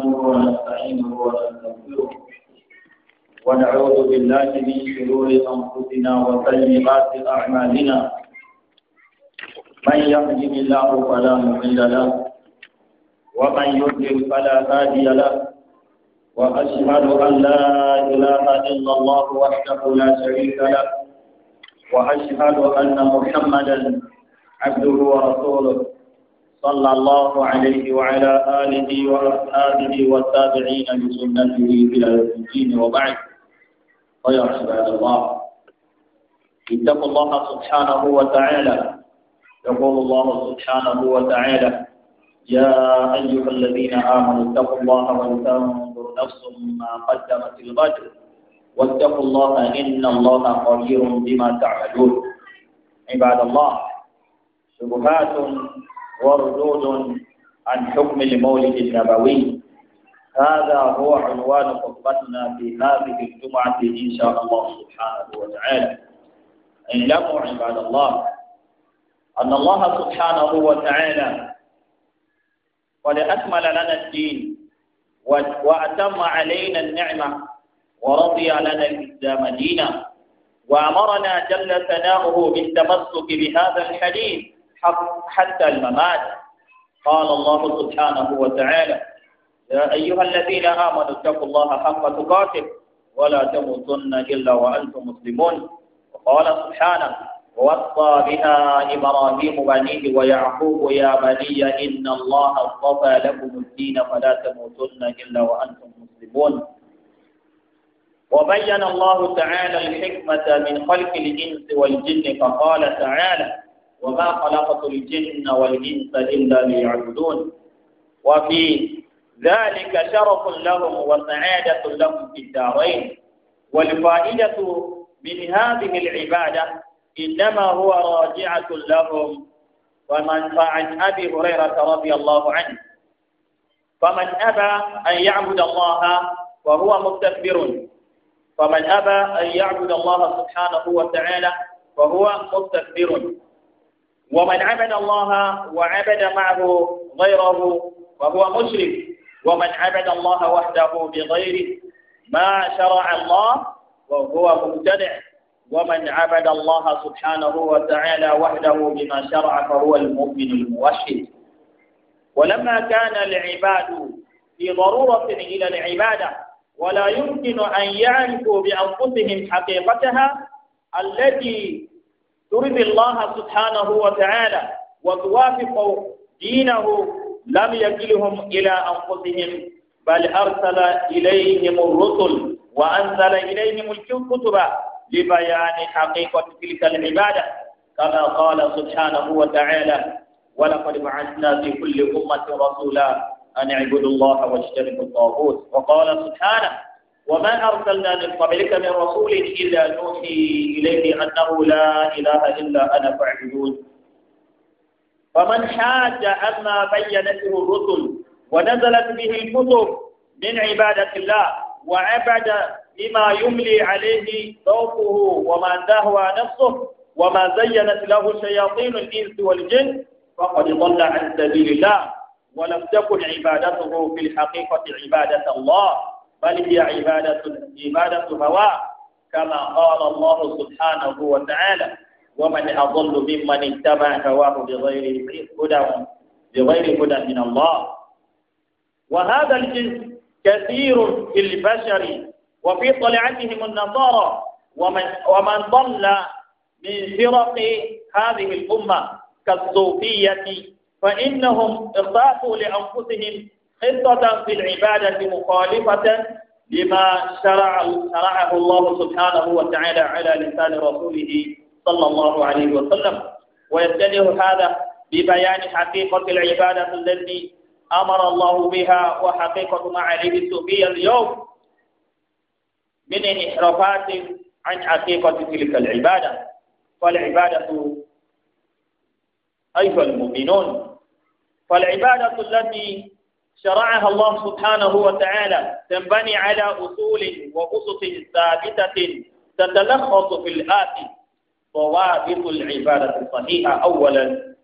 نحمده ونستعينه ونستغفره ونعوذ بالله من شرور أنفسنا وسيئات أعمالنا من يهده الله فلا مضل له ومن يضلل فلا هادي له وأشهد أن لا إله إلا الله وحده لا شريك له وأشهد أن محمدا عبده ورسوله صلى الله عليه وعلى آله وأصحابه والتابعين لسنته إلى يوم الدين وبعد فيا عباد الله اتقوا الله سبحانه وتعالى يقول الله سبحانه وتعالى يا أيها الذين آمنوا اتقوا الله ولتنظر نفس ما قدمت الغد واتقوا الله إن الله خبير بما تعملون عباد الله شبهات وردود عن حكم المولد النبوي هذا هو عنوان خطبتنا في هذه الجمعة إن شاء الله سبحانه وتعالى لم عباد الله أن الله سبحانه وتعالى قد أكمل لنا الدين وأتم علينا النعمة ورضي لنا الإسلام دينا وأمرنا جل ثناؤه بالتمسك بهذا الحديث حتى الممات قال الله سبحانه وتعالى يا أيها الذين آمنوا اتقوا الله حق تقاته ولا تموتن إلا وأنتم مسلمون وقال سبحانه ووصى بها إبراهيم بنيه ويعقوب يا بني إن الله اصطفى لكم الدين فلا تموتن إلا وأنتم مسلمون وبين الله تعالى الحكمة من خلق الإنس والجن فقال تعالى وما خلقت الجن والإنس إلا ليعبدون وفي ذلك شرف لهم وسعادة لهم في الدارين والفائدة من هذه العبادة إنما هو راجعة لهم ومن فعن أبي هريرة رضي الله عنه فمن أبى أن يعبد الله فهو مستكبر فمن أبى أن يعبد الله سبحانه وتعالى فهو مستكبر ومن عبد الله وعبد معه غيره فهو مشرك ومن عبد الله وحده بغيره ما شرع الله وهو مبتدع ومن عبد الله سبحانه وتعالى وحده بما شرع فهو المؤمن الموحد ولما كان العباد في ضرورة إلى العبادة ولا يمكن أن يعرفوا بأنفسهم حقيقتها التي ترضي الله سبحانه وتعالى وتوافق دينه لم يكلهم إلى أنفسهم بل أرسل إليهم الرسل وأنزل إليهم الكتب لبيان حقيقة تلك العبادة كما قال سبحانه وتعالى ولقد بعثنا في كل أمة رسولا أن اعبدوا الله واجتنبوا الطاغوت وقال سبحانه وما أرسلنا من قبلك من رسول إلا نوحي إليه أنه لا إله إلا أنا فاعبدون فمن حاج عما بينته الرسل ونزلت به الكتب من عبادة الله وعبد بما يملي عليه ذوقه وما تهوى نفسه وما زينت له شياطين الإنس والجن فقد ضل عن سبيل الله ولم تكن عبادته في الحقيقة عبادة الله بل هي عبادة عبادة هواه كما قال الله سبحانه وتعالى ومن أضل ممن اتبع هواه بغير هدى بغير هدى من الله وهذا الجنس كثير في البشر وفي طلعتهم النصارى ومن ومن ضل من فرق هذه الأمة كالصوفية فإنهم اختاروا لأنفسهم خطة في العبادة مخالفة لما شرع شرعه الله سبحانه وتعالى على لسان رسوله صلى الله عليه وسلم ويتجه هذا ببيان حقيقة العبادة التي أمر الله بها وحقيقة معارف السوفية اليوم من انحرافات عن حقيقة تلك العبادة فالعبادة أيها المؤمنون فالعبادة التي شرعها الله سبحانه وتعالى تنبني على أصول وأسس ثابتة تتلخص في الآتي ضوابط العبادة الصحيحة أولا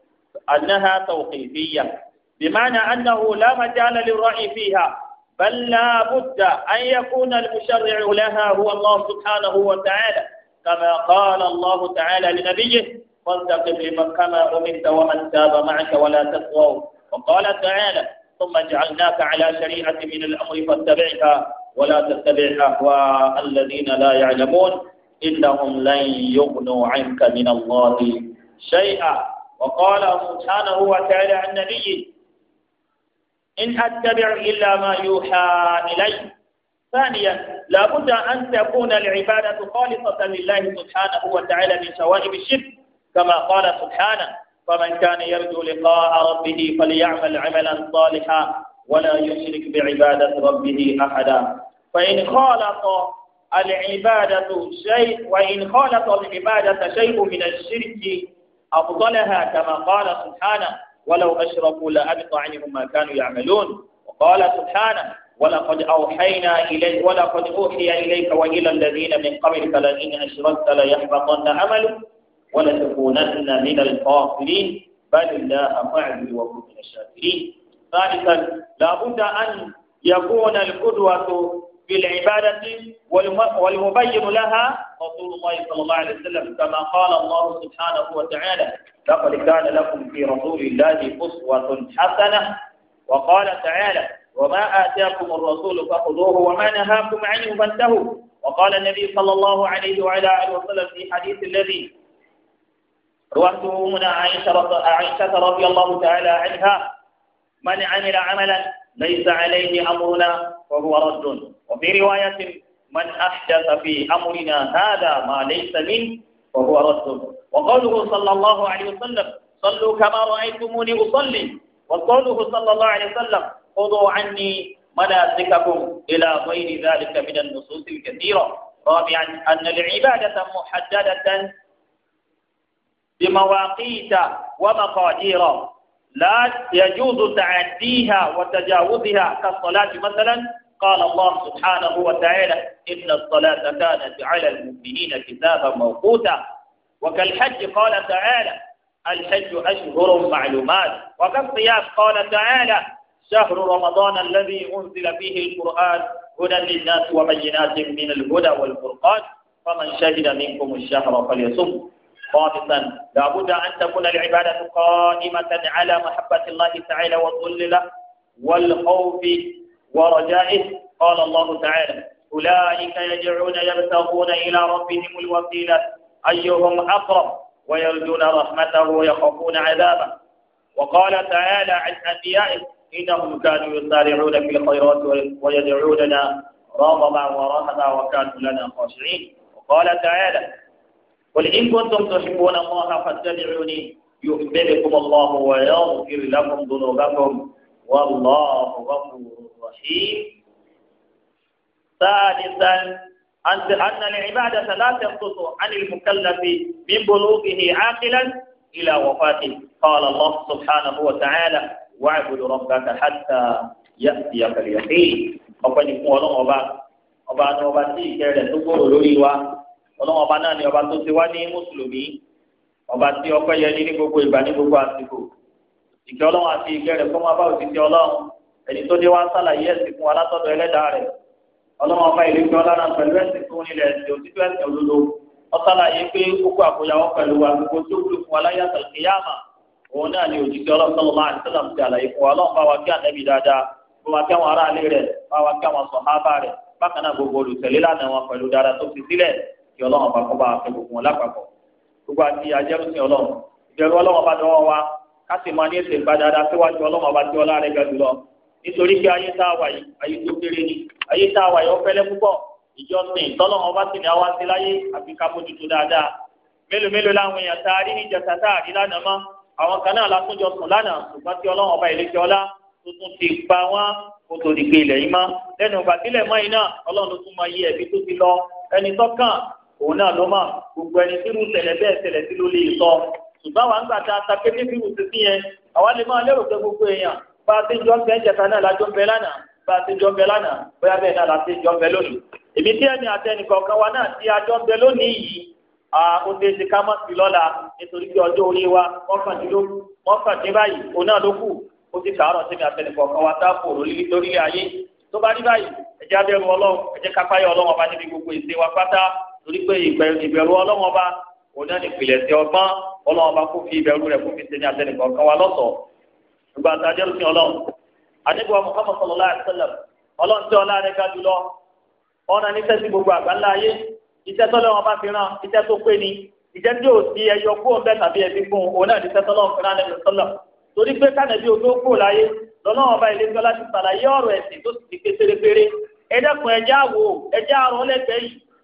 أنها توقيفية بمعنى أنه لا مجال للرأي فيها بل لا بد أن يكون المشرع لها هو الله سبحانه وتعالى كما قال الله تعالى لنبيه فانتقم لمن كما أمرت ومن تاب معك ولا تطغوا وقال تعالى ثم جعلناك على شريعة من الأمر فاتبعها ولا تتبع أهواء الذين لا يعلمون إنهم لن يغنوا عنك من الله شيئا وقال سبحانه وتعالى عن نبيه إن أتبع إلا ما يوحى إلي ثانيا لا بد أن تكون العبادة خالصة لله سبحانه وتعالى من شوائب الشرك كما قال سبحانه فمن كان يرجو لقاء ربه فليعمل عملا صالحا ولا يشرك بعبادة ربه أحدا فإن خالط العبادة شيء وإن خالط العبادة شيء من الشرك أفضلها كما قال سبحانه ولو أشركوا لأبط عنهم ما كانوا يعملون وقال سبحانه ولقد أوحينا إليك ولقد أوحي إليك وإلى الذين من قبلك لئن أشركت ليحبطن عملك ولتكونن من الفاصلين بل الله فاعبد وكن من الشاكرين ثالثا لابد أن يكون القدوة في العبادة والمبين لها رسول الله صلى الله عليه وسلم كما قال الله سبحانه وتعالى لقد كان لكم في رسول الله أسوة حسنة وقال تعالى وما آتاكم الرسول فخذوه وما نهاكم عنه فانتهوا وقال النبي صلى الله عليه وعلى آله وسلم في حديث الذي روته هنا عائشة عائشة رضي الله تعالى عنها من عمل عملا ليس عليه أمرنا فهو رد وفي رواية من أحدث في أمرنا هذا ما ليس منه فهو رد وقوله صلى الله عليه وسلم صلوا كما رأيتموني أصلي وقوله صلى الله عليه وسلم خذوا عني مناسككم إلى غير ذلك من النصوص الكثيرة رابعا أن العبادة محددة بمواقيت ومقادير لا يجوز تعديها وتجاوزها كالصلاة مثلا قال الله سبحانه وتعالى إن الصلاة كانت على المؤمنين كتابا موقوتا وكالحج قال تعالى الحج أشهر معلومات وكالصيام قال تعالى شهر رمضان الذي أنزل فيه القرآن هدى للناس وبينات من الهدى والفرقان فمن شهد منكم الشهر فليصم خامسا لابد أن تكون العبادة قائمة على محبة الله تعالى والذل له والخوف ورجائه قال الله تعالى أولئك يدعون يبتغون إلى ربهم الوسيلة أيهم أقرب ويرجون رحمته ويخافون عذابه وقال تعالى عن أنبيائه إنهم كانوا يسارعون في الخيرات ويدعوننا رغبا ورهبا وكانوا لنا خاشعين وقال تعالى قل إن كنتم تحبون الله فاتبعوني يحببكم الله ويغفر لكم ذنوبكم والله غفور رحيم ثالثا أن العبادة لا تنقص عن المكلف من بلوغه عاقلا إلى وفاته قال الله سبحانه وتعالى واعبد ربك حتى يأتيك اليقين ọpẹ́ ni fún أبا أبا ọba ni ọba لي ìkẹrẹ ọlọ́run ọba náà ni ọba tó ti wá ní mùsùlùmí ọba tí ọpẹ́ yẹ ní ní gbogbo ìgbà ní gbogbo àsìkò ìkẹ́ ọlọ́run àti ìkẹ́ rẹ̀ kó máa bá òṣìṣẹ́ ọlọ́run ẹni tó dé wá sàlàyé ẹ̀sìn fún wa látọ̀dọ̀ ẹlẹ́dàá rẹ̀ ọlọ́run ọba ìlú ìfẹ́ ọlọ́run pẹ̀lú ẹ̀sìn tó nílẹ̀ ẹ̀sìn òtítọ́ ẹ̀sìn òdodo ó pé kókó àkóyawọ́ pẹ̀lú wa tó wúlò fún wa láyé òun náà ni òjìṣẹ́ ọlọ́run sọ́lọ́mà àti sọ́lọ́mù ti àlàyé fún wa ọlọ́run bá wa kí ànábì dáadáa bá wa kí àwọn aráalé rẹ̀ bá wa kí àwọn sọ̀hábà rẹ̀ bákan kí ọlọ́run bá kọ́ bá fẹ́ gbogbo wọn lápapọ̀ gbogbo àti ajẹ́rùsìn ọlọ́run ìbẹ̀rù ọlọ́run bá dọ́wọ́ wa ká sì máa ní ètò ìpadàdà síwájú ọlọ́run bá tí ọlá rẹ̀ ga jùlọ nítorí pé ayé tá a wà yìí ayé tó kéré ni ayé tá a wà yìí ó fẹ́lẹ́ púpọ̀ ìjọsìn tọ́lọ́run bá sì ní àwa sí láyé àfi ká bójútó dáadáa mélòó mélòó láwọn èèyàn tá a rí níjàta tá a rí lánàá mọ́ àwọn kan náà látúnjọ sùn lánàá ṣùgbọ́n tí ọlọ́run ọba ìlẹ́jọ́ ọlá tuntun ti pa wọ́n kó tó di pé ilẹ̀ yìí mọ́ lẹ́nu ìgbà sílẹ̀ mọ́ iná ọlọ́run tó tún mọ iye ẹ̀bí tó ti lọ ẹni òun náà ló mọ̀ gbogbo ẹni tí irú ṣẹlẹ̀ bẹ́ẹ̀ ṣẹlẹ̀ sí ló lè sọ ṣùgbọ́n àwọn àgbà tá a ta kété bí irú yẹn àwa lè máa lérò pé gbogbo èèyàn bá a ti jọ ń bẹ náà lájọ ń bẹ lánàá bá a ti jọ ń bẹ lánàá bóyá bẹ́ẹ̀ náà la ti jọ ń bẹ lónìí èmi tí ẹni àtẹnìkọ̀ọ̀kan wa náà ti àjọ ń bẹ lónìí yìí ó ká sí wa mọ́kàndínlógún mọ́kàndín báyìí òun náà ló kù torí pé ìbẹ̀rù ọlọ́wọ́n bá òun náà ní ìpìlẹ̀ sí ọgbọ́n ọlọ́wọ́n bá kó fi ìbẹ̀rù rẹ̀ kó fi ṣe ní àtẹnìkọ̀ kan wa lọ́sọ̀ọ́ gbogbo àtàjẹ́ òsì ọlọ́run àdébùwà Muhammad sallallahu alaihi wasallam ọlọ́run tí ọlá rẹ̀ ga jùlọ ọ̀nà níṣẹ́ sí gbogbo àgbáńlá ayé iṣẹ́ tọ́lọ́wọ́n bá fi ràn iṣẹ́ tó pé ni ìjẹ́ tí ò sí ẹyọ kúrò bẹ́ẹ̀ tàbí ẹbí fún un òun náà níṣẹ́ tọ́lọ́wọ́n fi ràn lẹ́nu sọ́lọ̀ torí pé kánẹ̀bí o tó kúrò láyé lọ́lọ́wọ́n bá ilé gbọ́lá ti sàlàyé ọ̀rọ̀ ẹ̀sìn tó sì ti pé pérépéré ẹ̀dẹ́kun ẹ̀já wo ẹ̀já àrùn ọlẹ́gbẹ̀ẹ́ yìí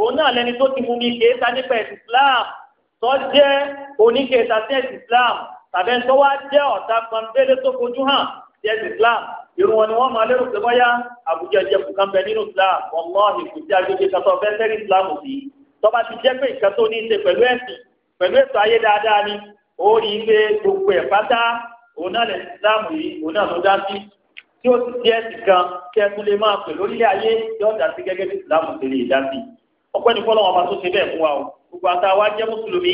òun náà lẹni tó ti mú mi kéèta nípa ẹ̀sìn Islam tó jẹ́ oníkéèta sí ẹ̀sìn Islam tàbí ẹni tó wá jẹ́ ọ̀tá pọnbélé tó fojú hàn sí ẹ̀sìn Islam irun wọn ni wọ́n máa lérò pé bọ́yá àbújá jẹ́ kù kan bẹ nínú Islam wàláhì kò sí agbègbè kan tó fẹ́ sẹ́rí Islam sí tó bá ti jẹ́ pé nǹkan tó ní í ṣe pẹ̀lú ẹ̀sìn pẹ̀lú ètò ayé dáadáa ni ó rí i pé gbogbo ẹ̀ pátá òun náà lè Islam yìí òun náà ló dá sí tí ó ti jẹ́ ẹ̀sìn kan kí ẹ lè máa pè lórílẹ̀ ayé yọ̀ọ̀dà sí gẹ́gẹ́ bí Islam ti lè ọpẹ́ ní fọlọ́wọ́n ọba tó ṣe bẹ́ẹ̀ fún wa o gbogbo àtàwọn ajẹ́ mùsùlùmí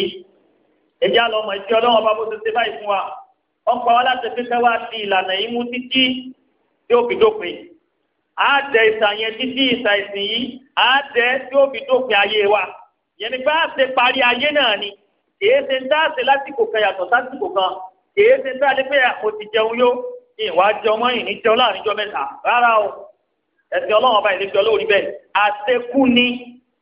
ẹ̀jẹ̀ àlọ́ ọmọ ìṣe ọlọ́wọ́n ọba bó ṣe ṣe báyìí fún wa ọ̀pọ̀ wa láti fi fẹ́ wá sí ìlànà yìí mú títí tí ó fi dópin á dẹ yẹn títí ìsàn ìsìn yìí á tí ó fi dópin ayé wa yẹn ni bá a ṣe parí ayé náà ni kìí ṣe ń dáàṣe lásìkò kan yàtọ̀ sásìkò kan kìí ṣe ń dáàṣe pé mo ti jẹun yó ìwà jẹun mọ́ ìní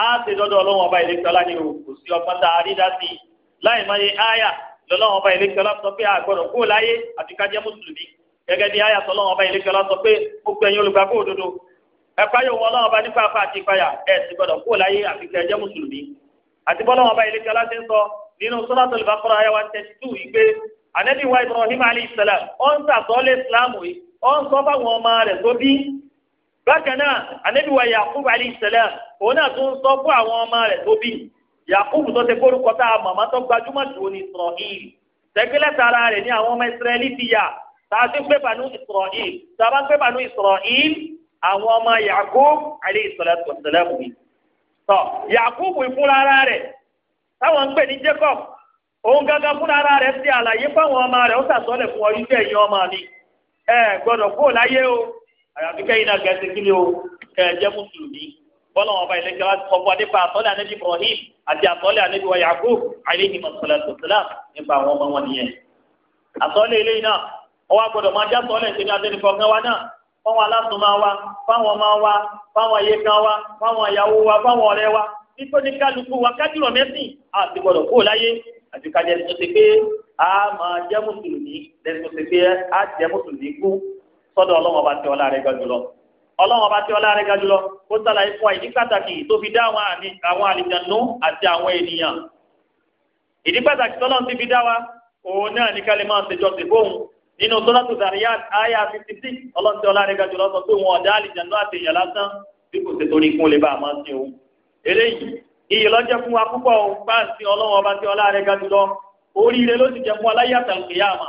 á ṣe dọ́dọ̀ ọlọ́run ọba ìlẹ́kọ̀ọ́lá ni o kò sí ọgbọ́n tá a rí dá sí i láì máa yẹ áyà lọ́lọ́run ọba ìlẹ́kọ̀ọ́lá sọ pé àgbọ̀dọ̀ kó láyé àti ká jẹ́ mùsùlùmí gẹ́gẹ́ bí áyà sọlọ́run ọba ìlẹ́kọ̀ọ́lá sọ pé gbogbo ẹ̀yin olùgbàgbọ́ òdodo ẹ̀fáyọ̀ wọn ọlọ́run ọba nípa apá àti ìpayà ẹ̀ sì kó láyé àfi ká jẹ́ mùsùlùmí àti bọ́lọ́run ọba ìlẹ́kọ̀ọ́lá ti ń nínú suratul Baqara àyà bákan náà anabi wa yakubu alayhi salam òun náà tún sọ fún àwọn ọmọ rẹ̀ tó bí yakubu tó ti kórúkọ tá a màmá tó gbajúmọ̀ tó ní israel tẹgbẹlẹ tara rẹ̀ ní àwọn ọmọ israẹli ti yà tá a ti gbé bànú israel tá a bá gbé bànú israel àwọn ọmọ yakubu alayhi salatu wa salam mi tọ yakubu ìfúnra rẹ̀ táwọn ń pè ní jacob òun gángan fúnra rẹ̀ ti àlàyé fáwọn ọmọ rẹ̀ ó sàtọlẹ fún ọyún tẹ ẹ̀yin ọmọ mi ẹ gbọ́dọ̀ kó láyé o àyàfi kẹ́yìn náà kẹ́sì kí ni o kẹ́ ẹ jẹ́ mùsùlùmí bọ́lá wọn bá ilé kí wọ́n kọ́kọ́ nípa àtọ́lẹ̀ anábì Ibrahim àti àtọ́lẹ̀ anábì wa Yakub alayhi salatu wassalam nípa àwọn ọmọ wọn nìyẹn. àtọ́lẹ̀ eléyìí náà ọwọ́ agbọ́dọ̀ máa já sọ́lẹ̀ ìṣẹ́ni àtẹnifọ̀kan wa náà fáwọn alásùnmá wa fáwọn ọmọ wa fáwọn ayékan wa fáwọn ìyàwó wa fáwọn ọ̀rẹ́ wa nítorí kálukú wa kájúrò mẹ́sìn àti gbọ́dọ̀ kó láyé àti kájẹ́ tó pé a máa jẹ́ mùsùlùmí lẹ́sìn pé a jẹ́ mùsùlùmí kú sọ́dọ̀ ọlọ́wọ́n bá ti ọlá rẹ̀ ga jùlọ ọlọ́wọ́n bá ti ọlá rẹ̀ ga jùlọ ó sàlàyé fún àìdí pàtàkì tó fi dá àwọn àlìjànú àti àwọn ènìyàn ìdí pàtàkì tọ́lọ́ ti fi dá wa òun náà ní kálí máa ń tẹjọ́ sí fóun nínú sọ́dọ̀tù Zariyat àyà fifty six ọlọ́run ti ọlá rẹ̀ ga jùlọ sọ pé wọn ọ̀dà àlìjànú àti èèyàn lásán bí kò ṣe torí kún lè bá a máa ń eléyìí iyì lọ́jẹ́ fún wa púpọ̀ òun bá ń sin ọlọ́run ọba ti ọlá rẹ̀ ga jùlọ oríire ló sì jẹ́ fún aláyàtà òkè yá àmà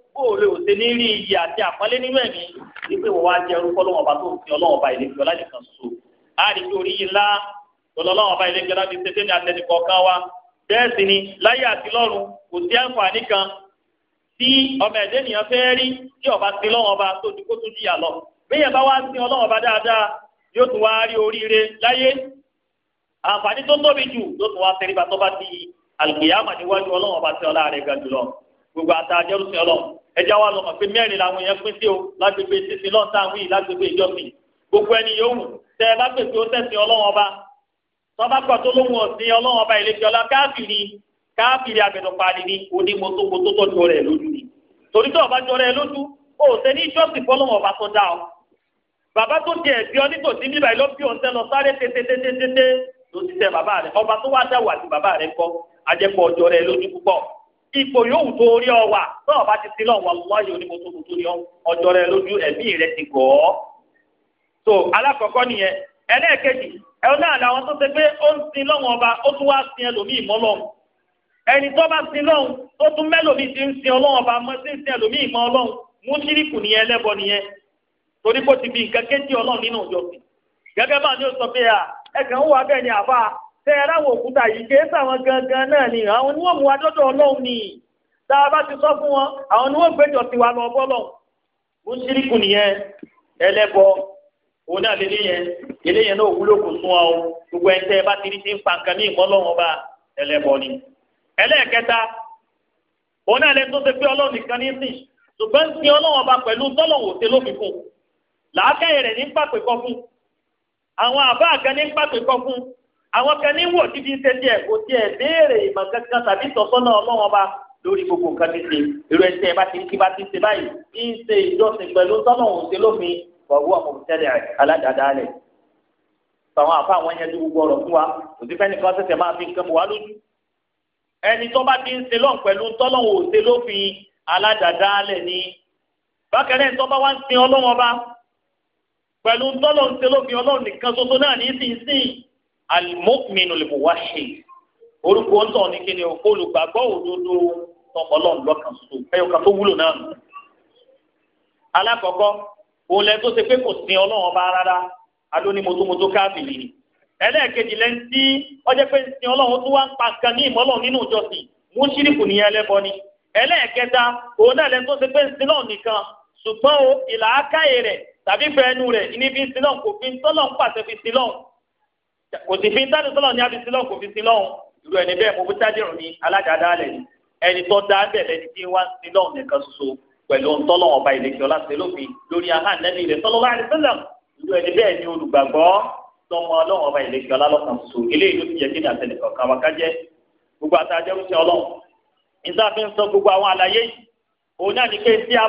bó o lè o ṣe ní rí iyì àti àpọ́nlé nínú ẹ̀mí wípé wọ́n wá jẹ́ orúkọ lọ́wọ́ ọba tó ń fi ọlọ́wọ́ ọba ìlẹ́fi ọlá nìkan ṣoṣo á rí pé orí yìí ọba ìlẹ́fi ọlá ti ṣe sẹ́ni kan wa bẹ́ẹ̀ sì ni láyé àti lọ́run kò sí àǹfààní kan tí ọmọ ẹ̀dẹ́ nìyẹn fẹ́ rí tí ọba ti lọ́wọ́ ọba tó ju kó tó jìyà lọ bẹ́ẹ̀ bá wá sí ọlọ́wọ́ ọba dáadáa yóò tún wá rí oríire láyé àǹfààní tó tóbi jù yóò tún wá tẹríba tó ẹja wa lọ mọ̀ pé mẹ́rin làwọn èèyàn pín sí o lágbègbè títí lọ́n tá àwọn yìí lágbègbè ìjọsìn gbogbo ẹni yòówù tẹ ẹ bá pè pé ó tẹ̀sìn ọlọ́wọ́n ọba tọ́ bá gbọ́ tó lóhùn ọ̀sìn ọlọ́wọ́n ọba ìlẹ́kẹ́ ọlá káàfìrí káàfìrí àgbẹ̀dọ̀pani ni onímọ̀tòmọ̀tò tó jọ rẹ̀ lójú ni torí tó ọba jọ rẹ̀ lójú ó ṣe ní ìjọsìn fọlọ́wọ́n ọba tó dá ọ bàbá tó di ẹ̀bí ọ nítòsí níbà ló bí òun tẹ lọ sáré tètètètètè ló ti tẹ tó ipò yóò tó orí ọ wà tó ọba ti ti lọ́wọ́ lọ́yọ̀ ní mọ́tò tó ní ọjọ́ rẹ lójú ẹ̀mí rẹ ti gọ̀ ọ́. tó alákọ̀ọ́kọ́ nìyẹn ẹlẹ́ẹ̀kejì ẹ̀rọ náà làwọn tó ṣe pé ó ń sin lọ́wọ́n ọba ó tún wá sin ẹlòmíì mọ́ lọ́hùn. ẹni tó bá sin lọ́hùn tó tún mẹ́lòmíì ti ń sin ọlọ́wọ́n ọba mọ́ sí ń sin ẹlòmíì mọ́ ọlọ́hùn mú ṣíríkù nìyẹn ẹlẹ́bọ nìyẹn torí kó ti fi nǹkan kéjì ọlọ́run nínú ìjọsìn gẹ́gẹ́ bá ní ó sọ pé ẹ̀kan wà bẹ́ẹ̀ ni àbá tẹ ẹ ráwọ òkúta yìí kì í gangan náà ni àwọn ni wọ́n mú Ọlọ́run ni tá a bá ti sọ fún wọn àwọn ni wọ́n gbẹjọ tiwa lọ bọlọ mú síríkù nìyẹn ẹlẹbọ òun náà lélẹ yẹn lélẹ yẹn náà wúlò kò sún ọ gbogbo ẹ tẹ ẹ bá ti ní Ọlọ́run ọba ẹlẹbọ ni ẹlẹ́ẹ̀kẹta òun náà lẹ tó ṣe àwọn kan ní wò títí tẹ́tí ẹ̀ kò tiẹ̀ béèrè ìmọ̀ kankan tàbí ìtọ́sọ́nà ọlọ́wọ́n ọba lórí gbogbo nǹkan ti ṣe irú ẹsẹ̀ ẹ bá ti ń kí bá ti ṣe báyìí kí ń ṣe ìjọsìn pẹ̀lú sọ́nà òun ṣe lófin ọ̀wọ́ àmọ̀tẹ́lẹ̀ aládàádáálẹ̀ tàwọn àfa àwọn yẹn ju gbogbo ọ̀rọ̀ fún wa kò sí fẹ́ni kan ṣẹ̀ṣẹ̀ máa fi nǹkan mọ̀ wá lójú ẹni tó bá ti ń ṣe lọ́n pẹ̀lú tọ́lọ́hùn òṣè lófin aládàádáálẹ̀ ni bákẹ́rẹ́ tó bá wá ń sin ọlọ́wọ́n bá pẹ̀lú tọ́lọ́hùn ṣe lófin ọlọ́run nìkan ṣoṣo náà ní sínsìn alimọ́mìnú lè mú wá ṣe orúkọ ọ̀tọ̀ ní kíni o olùgbàgbọ́ òdodo tọkọlọ́ ńlọ́kàn so ẹ̀yọ̀ kan tó wúlò náà nù. alákọ̀ọ́kọ́ òun lẹ tó ṣe pé kò sin ọlọ́run ọba rárá alóní motomoto káàbìlì ni ẹlẹ́ẹ̀kejì lẹ́ni tí ọjọ́ pé sin ọlọ́run tó wá ń pa nǹkan ní ìmọ́lọ̀ nínú ìjọsìn mú ṣíríkù nìyẹn ẹlẹ́bọ ni ẹlẹ́ẹ̀kẹta òun náà lẹ́ni tó ṣe pé sin náà nìkan ṣùgbọ́n ìlà ákáyè rẹ̀ tàbí fẹ́ẹ́nu rẹ̀ ní sin náà kò fi sin náà pàṣẹ fi sin náà kò sì fi táàdì sọlọ ní abisí lọhùn kò fi sí lọhùn irú ẹni bẹ́ẹ̀ mo bíta dìrùn ní aládàáda lẹ ni ẹni tó dá bẹ́ẹ̀ lẹni tí wá sí lọhùn nìkan ṣoṣo pẹ̀lú ntọlọ ọba ìlẹkẹ ọlá ṣe lófin lórí ahán nẹbi ilẹ sọlọ láàrin sẹlẹm irú ẹni bẹ́ẹ̀ ni olùgbàgbọ́ tọmọ Ọlọ́run ọba ìlẹkẹ ọlá lọkàn ṣoṣo eléyìí ló ti yẹ kí ní àtẹnìkọ kàwákájẹ gbogbo àtàjẹ rúṣẹ Ọlọ́run ìsáfin sọ gbogbo àwọn àlàyé yìí òun náà a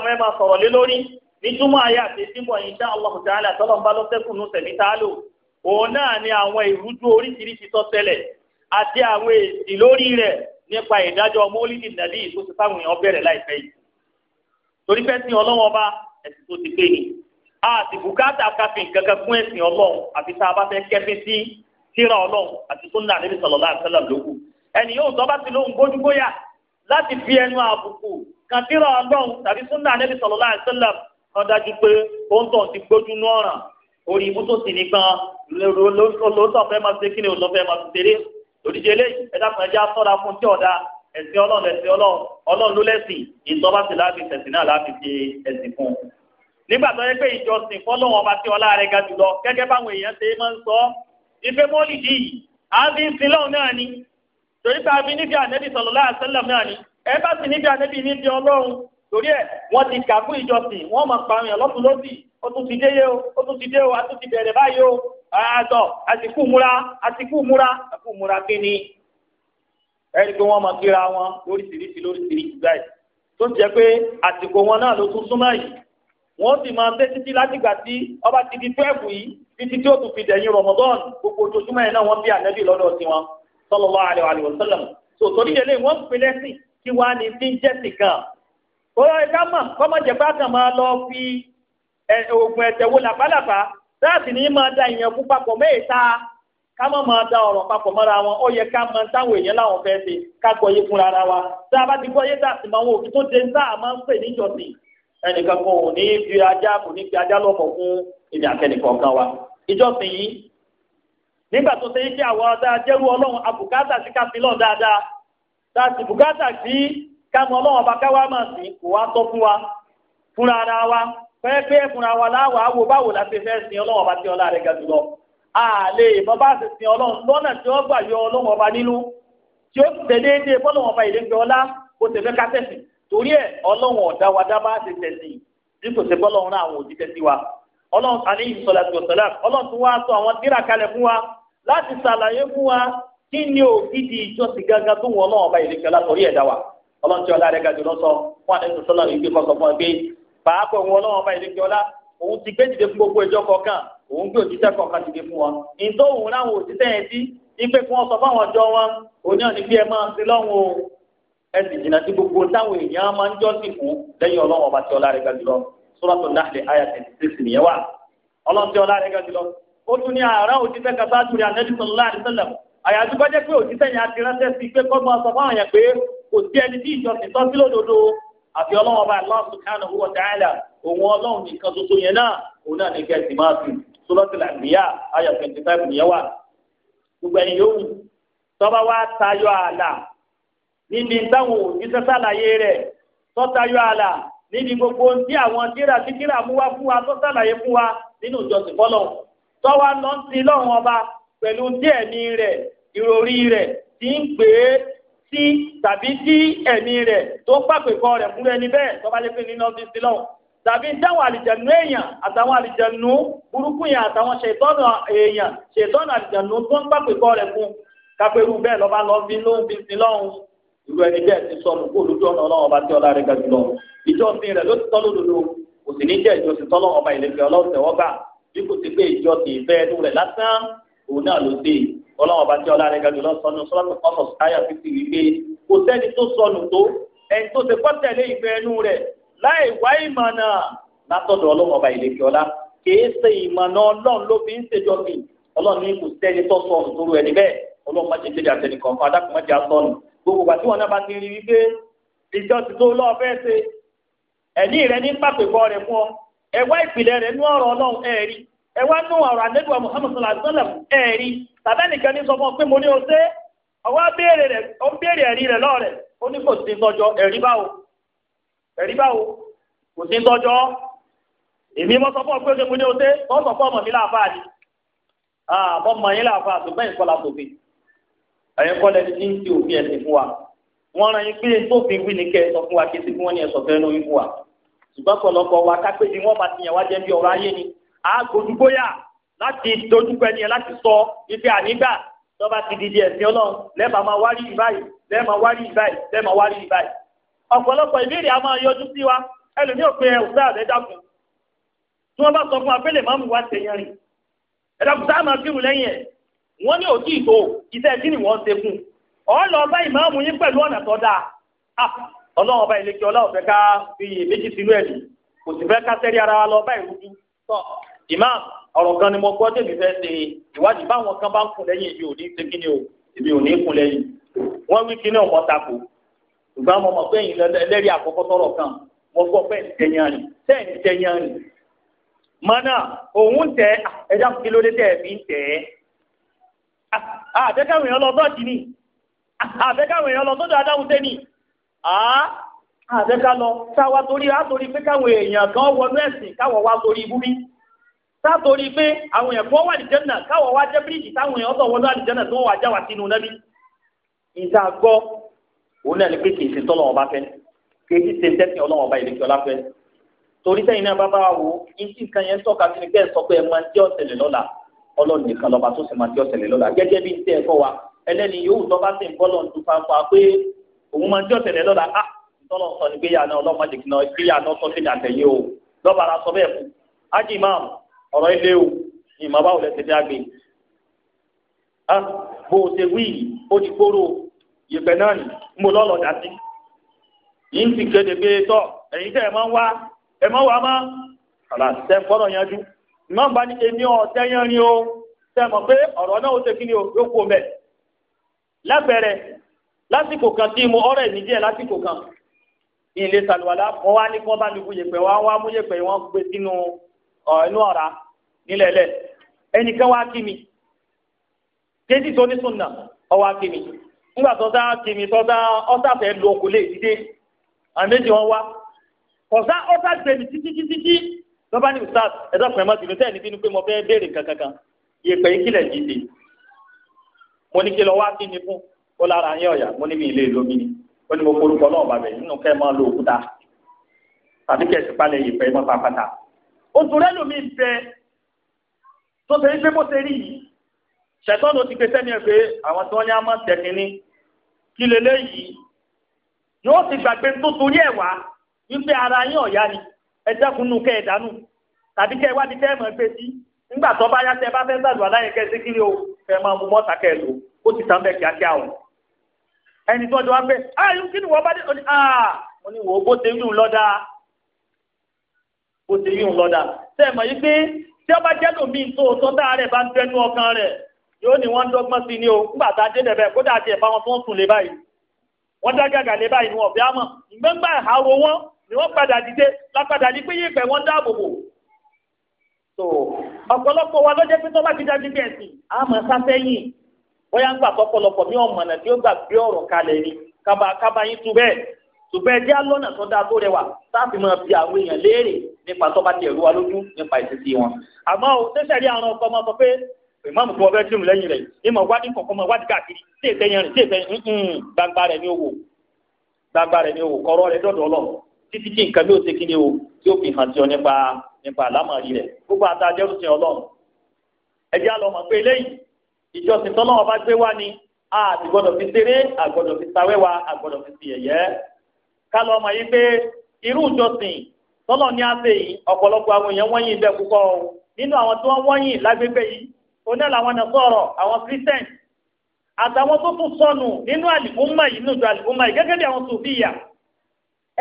fẹ́ máa sọ̀rọ̀ lé lórí nítumọ̀ ayé àti símbọ̀ yìí dá ọlọ́run dáhàlà tọ́lọ́mbá lọ́sẹ̀kùnú tẹ̀mí òun náà ni àwọn ìrújú oríṣiríṣi tó ṣẹlẹ̀ àti àwọn èsì lórí rẹ̀ nípa ìdájọ́ mólídì nàbí tó ti fáwọn èèyàn bẹ̀rẹ̀ láìpẹ́ yìí torí fẹ́ sin bá ti a ti bùkátà káfíń kankan fún ẹ̀sìn ọlọ́run àti tá a bá sí síra àti níbi yóò sọ bá ti lóhun láti fi ẹnu àbùkù kan síra ọlọ́run tàbí sunna níbi orí ibú tó sì ní gan lóòótọ́ fẹ́ máa ṣe kíni òun fẹ́ máa fi ṣeré lòdìjẹ eléyìí ẹ dákun ẹjẹ asọ́ra fún tí ọ̀dà ẹ̀sìn ọlọ́run ẹ̀sìn ọlọ́run ọlọ́run ló lẹ́sìn ìtọ́ba sì láàbì tẹ̀sìn náà láàbì ṣe ẹ̀sìn fún un. nígbà tó yẹ pé ìjọsìn fọlọ́run ọba tí ọlá rẹ̀ ga jùlọ gẹ́gẹ́ báwọn èèyàn ṣe máa ń sọ ife mọ́lìdì yìí à ń fi sin lọ́run náà ni torí pé a fi níbi ànẹ́bì sallallahu alaihi wasallam náà ni ẹ bá sì níbi ànẹ́bì níbi ọlọ́run torí ẹ wọ́n ti kà fún ìjọsìn wọ́n máa parun yàn lọ́tún lọ́sì ó tún ti déyé o ó tún ti dé o a tún ti bẹ̀rẹ̀ báyìí o àtọ àtìkú múra àtìkú múra àtìkú múra kíni ẹni pé wọ́n máa kíra wọn lóríṣiríṣi lóríṣiríṣi báyìí tó jẹ́ pé àsìkò wọn náà ló tún súnmọ́ yìí wọ́n sì máa dé títí látìgbà tí ọba ti di twelve yìí títí tí ó tún fi dẹ̀yìn Ramadan gbogbo ojoojúmọ́ yẹn náà wọ́n bí ànábì lọ́dọ̀ sí wọn sallallahu alaihi wa sallam tó torí yẹn lé wọ́n pè lẹ́sìn kí wàá ní ti kan kọ́lá ẹ̀ká mọ̀ kọ́mọ̀jẹ̀ bá kàn máa lọ fi oògùn ẹ̀tẹ̀ wo làpálàpá láti ní máa da ìyẹn fún papọ̀ mẹ́ẹ̀ta ká ma máa da ọ̀rọ̀ papọ̀ mọ́ra wọn ó yẹ ká mọ táwọn èèyàn láwọn fẹ́ ṣe ká gbọ́ yé fúnra ara wa a bá ti gbọ́ yé tá a sì máa wọn òfin tó ni tá máa ń pè ajá kò ní ajá lọ́mọ̀ fún èmi wa ìjọsìn yìí nígbà tó kámọ ọlọ́run ọba káwá máa sìn kò wá tọ́ fún wa fúnra ara wa fẹ́ẹ́ pé fúnra wa láwọ̀ àwò báwo la ṣe fẹ́ sin ọlọ́run ọba tí ọlá rẹ̀ ga jùlọ àlè ìmọ̀ bá ṣe sin ọlọ́run lọ́nà tí ó gbà yọ ọlọ́run ọba nínú tí ó tẹ̀ déédéé fọlọ́run ọba ìlẹ́gbẹ̀ẹ́ ọlá kò tẹ̀lé ká tẹ̀sìn torí ẹ̀ ọlọ́run ọ̀dá wa dá bá ṣe tẹ̀sìn bí kò ṣe láti ṣàlàyé fún wa kí ni ògidì ìjọsìn gangan tó wọn ọlọ́run ọba ìlẹ́gbẹ̀ẹ́ ọlá ẹ̀dá wa ọlọ́run tí ọlá rẹ̀ gàdú lọ́sọ fún àdéhùn sọ́lá yìí kọ́ sọ fún ẹ pé pàápàá òun ọlọ́run ọba ìdíkẹ ọlá òun ti gbé dìde fún gbogbo ìjọ kọ̀ọ̀kan òun gbé òtítẹ́ kọ̀ọ̀kan dìde fún wọn ìtọ́ òun láwọn òtítẹ́ yẹn sí ipe fún ọsọ fáwọn ọjọ́ wọn òní ọ̀ní bí ẹ máa ti lọ́wọ́ ẹ sì jìnnà sí gbogbo táwọn èèyàn máa ń jọ́sìn fún lẹ́yìn ọlọ́run ọba tí ọlá rẹ̀ gàdú lọ Suratul Nahl àyà twenty six nìyẹn wà ọlọ́run tí ọlá rẹ̀ gàdú lọ ó tún ní àárá òtítẹ́ kàtàkùnrin ànẹ́dùsọ̀lá àdìsọ́lẹ̀ àyàtúkọ́jẹ́ kò ẹni tí ìjọsìn tọ́ sí lódodo àfi ọlọ́wọ́n bá Allah subhanahu wa ta'ala òun ọlọ́run nìkan ṣoṣo yẹn náà òun náà ní kẹsì máa sìn suratul Anbiya àyà twenty five tayọ níbi táwọn rẹ̀ tọ́ tayọ níbi gbogbo tí àwọn tí mú wá fún wa tọ́ sàlàyé fún wa nínú ìjọsìn ọba pẹ̀lú díẹ̀ ní rẹ̀ ìròrí rẹ̀ sí tàbí kí ẹ̀mí rẹ̀ tó pàpẹ̀kọ rẹ̀ fún ẹni bẹ́ẹ̀ tó bá jẹ́ pé nínú ọ́fíìsì lọ́wọ́ tàbí dáwọn àlìjẹ̀nú èèyàn àtàwọn àlìjẹ̀nú burúkú yẹn àtàwọn ṣètọ́nà èèyàn ṣètọ́nà àlìjẹ̀nú tó ń pàpẹ̀kọ rẹ̀ fún kápẹ́rú bẹ́ẹ̀ lọ́ba lọ́ọ́fíì lóńfíìsì lọ́hùn irú ẹni bẹ́ẹ̀ ti sọnù kó olójú ọ̀nà ọlọ́run ọba tí ọlá rẹ̀ ga jùlọ ìjọsìn rẹ̀ ló ti tọ́ lódodo kò sì ní jẹ́ ìjọsìn tọ́lọ́ ọba ìlẹ̀fẹ̀ ọlọ́run tẹ̀wọ́ bí kò ti pé ìjọsìn ìfẹ́ ẹnu rẹ̀ lásán òun náà ló dé ọlọ́wọ́n bá tí ọlá rẹ̀ gàdú lọ́sọ̀nù sọ́lọ́tò kọ́sọ̀ táyà fífi wípé kò sẹ́ni tó sọnù tó ẹni tó ṣe pọ́tẹ̀lé ìfẹ́ ẹnu rẹ̀ láì wá ìmọ̀nà látọ̀dọ̀ ọlọ́wọ́n bá ìlẹ̀kẹ́ ọlá kìí ṣe ìmọ̀nà ọlọ́run ló fi ń ṣèjọ́ mi ọlọ́run ní kò sẹ́ni tó sọnù tó rú ẹni bẹ́ẹ̀ ọlọ́run má ṣe kéde àtẹnìkan fún adákùnmọ́jà sọnù gbogbo àti wọn náà bá ti rí wípé ẹ wá nú ọ̀rọ̀ àdébùwà Muhammad sallallahu alaihi wasallam ẹ̀rí tàbí ẹnìkan ní sọ fún ọ pé mo ní o ṣe ọwọ́ béèrè rẹ̀ ó ń béèrè ẹ̀rí rẹ̀ lọ́ọ̀rẹ̀ ó ní kò sí tọ́jọ́ ẹ̀rí báwo ẹ̀rí báwo kò sí tọ́jọ́ èmi mọ́ sọ fún ọ pé ṣe mo ní o ṣe tọ́ sọ fún ọmọ mi láàfáà ni àmọ́ mọ̀ yín láàfáà ṣùgbọ́n ìkọlà tòfin ẹ̀yìn kọ́lẹ̀ ti ti òfin ẹ̀sìn fún wa wọ́n ran yín pé tófin wí ni kẹ́ ẹ sọ fún wa kí sí fún wọn ní ẹ̀sọ̀ fẹ́ lórí fún wa ṣùgbọ́n pọ̀lọpọ̀ wa kápẹ́ ni wọ́n máa ti yàn wá jẹ́ bí ọ̀rọ̀ ayé ni àgòdúgbóyà láti dojúkọ ẹni yẹn láti sọ ànígbà Tọba ti di di ẹ̀sìn ọlọ́run lẹ́ẹ̀ma máa wárí ìbáyìí lẹ́ẹ̀ma wárí ìbáyìí lẹ́ẹ̀ma wárí ìbáyìí. ọ̀pọ̀lọpọ̀ ìbéèrè a máa yọjú sí wa ẹlòmíì òpin ẹ̀ òṣà rẹ̀ dákun tí bá sọ fún abẹ́lẹ̀ máàmù rìn sáà máa lẹ́yìn wọ́n ní ìtò iṣẹ́ kí ni wọ́n ṣe fún ọ lọ ọba ìlẹ́kẹ́ ọlọ́run fẹ́ ká fi sínú kò sì fẹ́ ká sẹ́rí ara wa imam ọ̀rọ̀ kan ni mo gbọ́ tèmi fẹ́ ṣe ìwádìí báwọn kan bá ń kun lẹ́yìn èmi ò ní ṣe kíni o èmi ò ní kun lẹ́yìn wọ́n wí kíní ọmọ tako ìgbà mo mọ̀ pé ẹ̀yin lẹ́rí àkọ́kọ́ tọ̀rọ̀ kan mo gbọ́ pé ìtẹ̀yàn rìn sẹ́yìn ìtẹ̀yàn rìn mọ́nà òun tẹ ẹja kí ló dé tẹ̀ fi ń tẹ̀ ẹ́ àbẹ́káwọn èèyàn lọ sọ́ọ̀tì ni àbẹ́káwọn èèyàn lọ sọ́dọ̀ adáhùn sẹ́ni àbẹ́ká lọ sáwa torí á torí pé káwọn èèyàn kan wọnú ẹ̀sìn káwọn wá torí ibú mi. sátorí pé àwọn ẹ̀kọ́ wà ní jẹ́nà káwọ̀ wá jẹ́ bíríìjì táwọn èèyàn tó wọlé àlìjẹ́nà tó wà jáwà sínú náà ìta gbọ́ òun náà ọba fẹ́ kì í ṣe tẹ́sán ọlọ́wọ́ ọba ìlẹ́kẹ́ ọlá fẹ́. torí sẹ́yìn náà bàbá wa wò ó ìtì kan yẹn tọ́ka sí ni bẹ́ẹ̀ sọ pé ẹ máa ń jẹ́ ọ̀sẹ̀lẹ̀ lọ́la ọlọ́run nìkan lọ́ba tó sì bí ọ̀rọ̀ ilé o ìmọ̀ báwo lẹ ti dágbé a bó o ṣe wí ó ti kóró ìpè náà nì mo lọ́lọ́ dá sí yìí ń ti kéde pé tọ́ ẹ̀yin tẹ́ ẹ máa ń wá ẹ máa wá máa kàlà tẹ́ ń fọ́nà yanjú ìmọ̀ bá ní èmi ọ̀tẹ́ yẹn rin o tẹ́ mọ̀ pé ọ̀rọ̀ náà ó ṣe kí ni o yóò kú o mẹ́ lábẹ́rẹ́ lásìkò kan tí mo ọ̀rọ̀ ẹ̀mí díẹ̀ lásìkò kan ilé sàlùwàlá wọn wá ní kí bá ní kú yẹpẹ̀ wọn wá mú yẹpẹ̀ wọn gbé sínú inú ọ̀rá nílẹ̀lẹ̀ ẹnìkan wá kí mi kéjì tó ní sùn náà ọ wá kí mi ńgbà tó dá kí mi tó dá ọ́sàfẹ́ lu okùn lè dìde àwọn méjì wọn wá kọ̀sá ọ́sà gbé mi títí títí tí lọ́ba ní ustaz ẹ̀dá pẹ̀lú ẹ̀mọ́ tìlú tẹ́ẹ̀ ní bínú pé mo fẹ́ béèrè kankankan yèpẹ̀ yìí kílẹ̀ dìde mo ní kí lọ wá kí mi fún ó lára ayé ọ̀yà mo ní mi ìlé lómi ni ó ní mo forúkọ náà bàbẹ̀ nínú kẹ́ máa lo òkúta tàbí kẹ́ ẹ ti palẹ̀ yèpẹ̀ mọ́ pàpàtà oṣù rẹ lómi ń bẹ tó ṣe ń bó ṣe rí yìí ṣẹ̀tọ́ ló ti gbé sẹ́ni ẹ̀ àwọn tí wọ́n ní á máa tẹ̀ kínní kí yóò ti gbàgbé tó torí ẹ̀ wá wípé ara yín ọ̀yá ni ẹ dẹ́kunú kẹ́ ẹ̀ dánú tàbí kẹ́ ẹ wá di tẹ́ ẹ mọ̀ pé sí nígbà tó bá yá tẹ́ ẹ bá fẹ́ sàdùn aláyẹ kẹ́ ẹ sí kiri o kẹ́ ẹ máa mú mọ́ta kẹ́ ẹ lò ó ti tàn bẹ́ẹ̀ kíákíá o ẹni tó ọjọ́ wá pé ah kí ni ah mo ní wò ó kó ṣe yíyún lọ́dà ṣe mọ̀ pé tí ọba jẹ́ lómi tó tọ́ tá a rẹ̀ bá ń tẹnu ọkàn rẹ̀ yóò ní wọ́n dọ́gbọ́n sí ni o nígbà tá a dé dẹ̀bẹ̀ kó dà tiẹ̀ bá wọn tó ń sùn lé báyìí wọ́n dá gàgà lé báyìí ni wọ́n fi ìgbẹ́ngbà àrò wọn ni wọ́n padà dìde lápadà ní pé yípẹ̀ wọ́n dáàbò bò ọ̀pọ̀lọpọ̀ wa ló pé tọ́ba ti dájú bí ẹ̀sìn á mọ̀ sáfẹ́yìn bóyá ń gbà pọ̀pọ̀lọpọ̀ mi ọ̀mọ̀nà tí ó gbà gbé ọ̀rọ̀ kalẹ̀ ni kábàáyín tu bẹ́ẹ̀ ṣùgbọ́n ẹjẹ́ alọ́nà tó dáa tó rẹwà sáàfì máa fi àwọn èèyàn léèrè nípa tó bá ti ẹ̀rú wa lójú nípa ìṣesí wọn. àmọ́ o tẹ́sẹ̀ rí àwọn ọkọ̀ máa sọ pé ìmáàmù tó ọbẹ̀ tí mo lẹ́yìn rẹ̀ ìmọ̀ wádìí kọ̀ọ̀kan máa wádìí káàkiri tí èsẹ̀ yẹn rìn tí èsẹ̀ yẹn gbangba rẹ̀ ní owó gbangba rẹ̀ ní owó kọ̀rọ̀ rẹ̀ dọ̀dọ̀ lọ títí tí nǹkan bí ó ṣe kíni o tí ó fi hàn sí ọ nípa nípa àlámọ̀rí rẹ̀ gbogbo àtàjẹ́rù sí ọlọ́run ẹjẹ́ àlọ́mọ̀ pé eléyìí ìjọsìn tọ́lọ́wọ́ bá gbé wá ni a àti gbọ́dọ̀ fi ṣeré àgbọ́dọ̀ fi sawẹ́wà àgbọ́dọ̀ fi ṣiyẹ̀yẹ́ ká lọ mọ̀ yí pé irú ìjọsìn tọ́lọ̀ ní àṣẹ yìí ọ̀pọ̀lọpọ̀ àwọn èèyàn wọ́nyìn bẹ́ẹ̀ púpọ̀ o nínú àwọn tí wọ́n wọ́nyìn lágbègbè yìí oní làwọn náà sọ̀rọ̀ àwọn christian àtàwọn tó tún sọnù nínú àlìkúmọ̀ yìí nínú àlìkúmọ̀ yìí gẹ́gẹ́ bí àwọn sùfìyà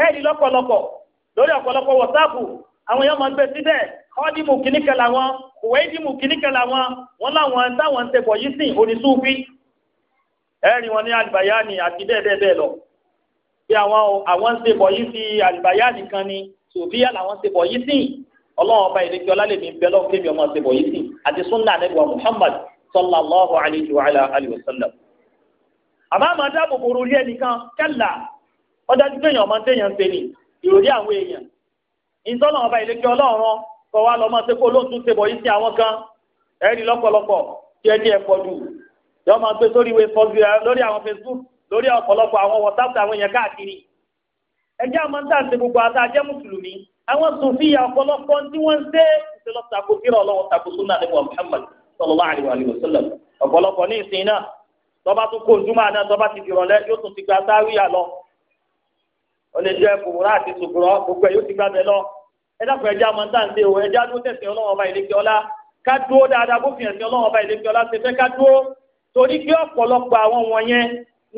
ẹ̀ẹ́dì lọ́pọ̀lọpọ̀ lórí ọ̀pọ̀lọpọ̀ wọ̀sáàpù àwọn èèyàn máa ń gbé síbẹ̀ kọ́dìmù kìnnìkan làwọn kùwẹ́dìmù kìnnìkan làwọn wọn làwọn táwọn ń tẹ̀bọ̀ yìí sìn pé àwọn àwọn ń ṣe bọ̀ yìí sí àlùbáyá nìkan ni sòfíà làwọn ṣe bọ̀ yìí sí ọlọ́run ọba ìdíkì ọlálẹ́mí ń bẹ lọ́wọ́ kébi ọmọ ṣe bọ̀ yìí sí àti sunna anabiwa muhammad sallallahu alayhi wa alayhi wa sallam. àmọ́ àmọ́ dáàbò bo orí ẹnìkan kẹ́là ọ̀dájú téèyàn ọmọ téèyàn ń ṣe ni ìròrí àwọn èèyàn ìtọ́nà ọba ìdíkì ọlọ́run kọ wa lọ́mọ ṣe kó lóòótọ́ ṣe bọ̀ yìí sí àwọn kan ẹ̀rí lọ́pọ̀lọpọ̀ tí ẹ jẹ́ ẹ̀pọ̀ jù yọ facebook lórí ọ̀pọ̀lọpọ̀ àwọn wọ̀sáàpù àwọn èèyàn káàkiri ẹjẹ́ àwọn tá à ń ṣe gbogbo àti ajẹ́ mùsùlùmí àwọn sòfíà ọ̀pọ̀lọpọ̀ tí wọ́n ń ṣe ìṣẹ̀lọ́ tako kíra ọlọ́run tako sunna ní Muhammad sallallahu alaihi wa sallam ọ̀pọ̀lọpọ̀ ní ìsìn náà tọ́ba tún kó ojúmọ́ àná tọ́ba ti di ìrọ̀lẹ́ yóò tún ti gba sáríà lọ ó lè jẹ́ kòmùrà àti sòkòrọ̀ gbogbo ẹ̀ yóò ti gbàgbẹ́ lọ ẹ dákun ẹjẹ́ àwọn tá à ń ṣe o ẹjẹ́ adó tẹ̀sẹ̀ ọlọ́run ọba ìlẹ́kẹ́ ọlá ká dúró dáadáa bófin ẹ̀sìn ọlọ́run ọba ìlẹ́kẹ́ ọlá ṣe fẹ́ ká dúró torí kí ọ̀pọ̀lọpọ̀ àwọn wọ̀nyẹn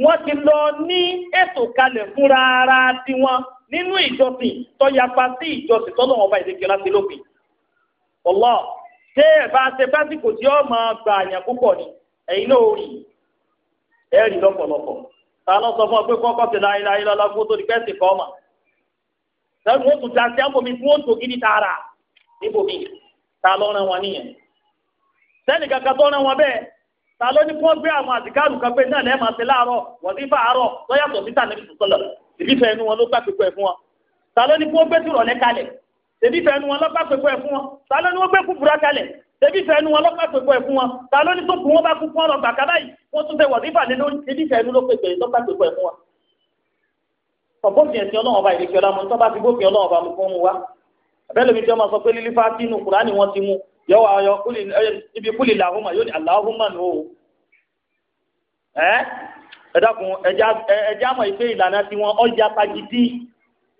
wọ́n ti lọ ní ètò kalẹ̀ fúnra ara tiwọn nínú ìjọsìn tó yapa sí ìjọsìn tọ́lọ́ wọn bá ìdíkẹ́ láti lópin. ọ̀lọ́ ṣé ẹ̀bá ṣe pásítọ̀ tí ó máa gbà àyàn púpọ̀ ni ẹ̀yin náà rí ẹ̀rí lọ́pọ̀lọpọ̀ ta lọ sọ fún ọ pé kọ́kọ́ ti láyéláyé lọ́la fún tó di pẹ́ẹ́sì kọ́ ọmọ sẹ́nu ó tún ta sí àbòmí fún ó tòkí ní tààrà níbòmí ta lọ́ràn wọn níyẹn sẹ́nì kankan tó ràn wọn bẹ́ẹ̀ ta ló ní kí wọ́n gbé àwọn àdìgáàrù kan pé náà lẹ́ẹ̀ máa ṣe láàárọ̀ wọ́n ní fàárọ̀ lọ́yàtọ̀ síta níbi sọ̀tọ̀lọ̀ ìbífẹ́ inú wọn ló gbà pípẹ́ fún wọn ta ló ní kí wọ́n gbé tìrọ̀lẹ́ kalẹ̀ ìbífẹ́ inú wọn ló gbà pípẹ́ fún wọn ta ló ní wọ́n gbé kúfúrá kalẹ̀ ìbífẹ́ inú wọn ló gbà pípẹ́ fún wọn ta ló ní tó kù wọn bá kú fún ọ̀rọ̀ gbàgbà báyìí wọ́n tún tẹ wọ̀dí ìfàlẹ́ lórí ìbífẹ́ inú ló pèpè ló gbà pípẹ́ fún wọn. ọ̀bọ̀fin ẹ̀sìn ọlọ́run ọba ìrèké yọwọ wà yọ ibi kúlì làhùnmá yóò yoni àlàhùnmá nù o ẹ ẹ dákun ẹjẹ àmọ́ ìpè ìlànà tí wọn ọjà pagidi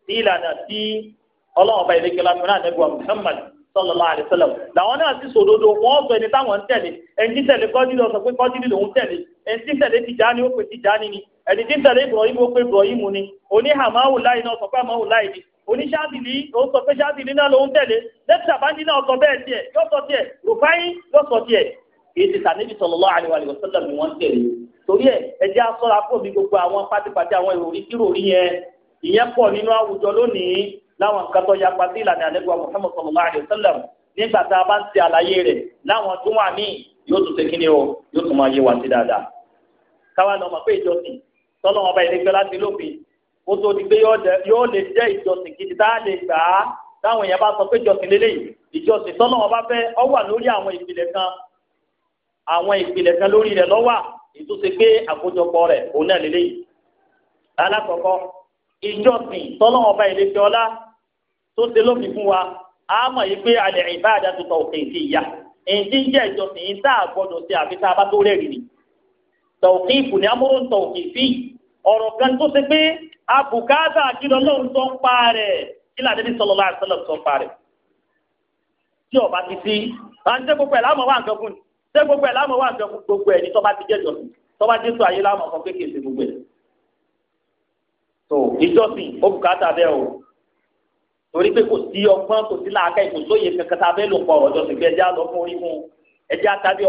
ní ìlànà tí Ọlọ́run ọba ìlẹkẹlá mìíràn nẹgbà Muhammad sallallahu làwọn náà ti sòdodo wọn sọ ẹni táwọn ń ẹni kọjú lọ oníṣáàbìlì òun sọ pé ṣáàbìlì náà lòun tẹ̀lé lẹ́tà bá ní náà sọ bẹ́ẹ̀ tiẹ̀ yóò sọ tiẹ̀ rùfáyín yóò sọ tiẹ̀ èyí ti sànẹ́bí sallallahu alaihi wasallam ni wọ́n tẹ̀lé torí ẹ̀ ẹ jẹ́ aṣọ́ra fún mi gbogbo àwọn pátípátí àwọn ìròrí kíròrí yẹn ìyẹn pọ̀ nínú àwùjọ lónìí láwọn nǹkan tó yapa sí ìlànà àlẹ́ wa Muhammad sallallahu alaihi wasallam nígbà tá a bá ń ṣe àlàyé rẹ̀ láwọn kó tó di pé yóò lè jẹ́ ìjọsìn gidi tá a lè gbà á táwọn èèyàn bá sọ pé ìjọsìn lélẹ́yìí ìjọsìn tọ́lọ́ wọn bá fẹ́ ọ wà lórí àwọn ìpìlẹ̀ kan àwọn ìpìlẹ̀ kan lórí rẹ̀ lọ́wà ètò ṣe pé àkójọpọ̀ rẹ̀ òun náà lélẹ́yìí. alákọ̀ọ́kọ́ ìjọsìn tọ́lọ́ wọn bá ọlá tó ṣe lófin fún wa á mọ̀ yìí pé alẹ́ ìbáàdà tó tọ̀ òkè ìdí ìyá èyí ń jẹ́ ìjọsìn yìí tá a gbọ́dọ̀ ṣe àfi tá a bá tó rẹ̀ rìn ní. tọ̀kì ìfù ni amúrò ń tọ̀kì fíì ọ̀rọ̀ kan tó ṣe pé abùkátà àkìlọ̀ lọ́run tó ń pa rẹ̀ kí làdébí sallallahu alaihi wasallam tó ń pa rẹ̀ tí ọba ti sí à ń ṣe gbogbo ẹ̀ láàmú wà nǹkan fún ni ṣé gbogbo ẹ̀ láàmú wà nǹkan fún gbogbo ẹ̀ ní tọ́ba ti jẹ́ jọ̀sìn tọ́ba ti sọ ayé láàmú ọkọ̀ kékeré gbogbo ẹ̀ tó ìjọsìn ó bùkátà bẹ́ẹ̀ o torí pé kò sí ọgbọ́n kò sí làákà ìkò sóye kankan tá a fẹ́ lò pọ̀ ọ̀jọ̀ sí pé ẹja lọ fún orí fún ẹja tàbí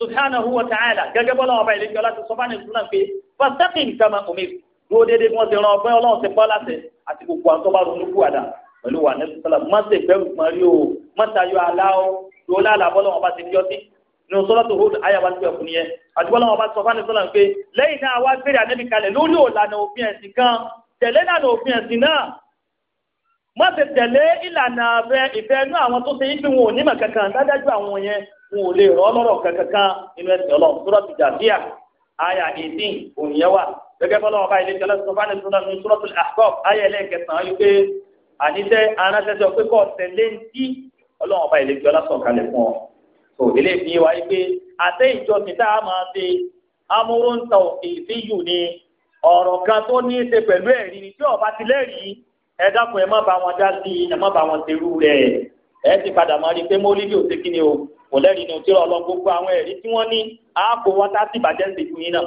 subhanahu wa ta'ala gẹ́gẹ́ bọ́lá ọba ìlẹ́jọ́ láti sọ fáwọn ìṣúná pé pàṣẹ́kì nǹkan máa omi dúró déédéé bí wọ́n ti ran ọgbẹ́ ọlọ́run ti pọ́ láṣẹ àti gbogbo àwọn tó bá ronú kú àdá pẹ̀lú wà nẹ́sùn sọ́lá má ṣe bẹ̀rù pọ́n rí o má tayọ àlá o dúró lálà bọ́lá ọba ti yọ sí nínú sọ́lá tó hóòdù ayaba ti ẹ̀kún yẹn àti bọ́lá ọba sọ fáwọn ìṣúná pé lẹ́yìn náà wá bèrè tẹ̀lé ìlànà ìfẹ́ inú àwọn tó ṣe yí pé wọn ò ní mọ̀ kankan dájájú àwọn yẹn n ò lè rọ ọlọ́rọ̀ kankan nínú ẹsẹ̀ ọlọ́run sọ́dọ̀tù jàdíà àyà eighteen ònìyẹn wà gẹ́gẹ́ bọ́lá ọba ilé jọlá sọ fáni sọ́dọ̀ ní sọ́dọ̀tù àkọ́b àyà ẹlẹ́ẹ̀kẹsàn-án yìí pé àníṣe aránṣẹ́ṣẹ́ pé kọ́ tẹ̀lé ń tí ọlọ́run ọba ilé jọlá sọ fún ọ. tó ilé fi wá yìí pé àtẹ ìjọ tìta a máa ṣe amúrúntà ìfíyù ni ọ̀rọ̀ kan tó ní í ṣe pẹ̀lú ẹ̀rí ni tí ọba ti lẹ́rìí ẹ ẹ ti padà máa rí i pé mólídì ò sí kí ni o kò lẹ́rìí ni o ti rọ lọ gbogbo àwọn ẹ̀rí tí wọ́n ní àákò wọ́tá sì bàjẹ́ sí fún yín náà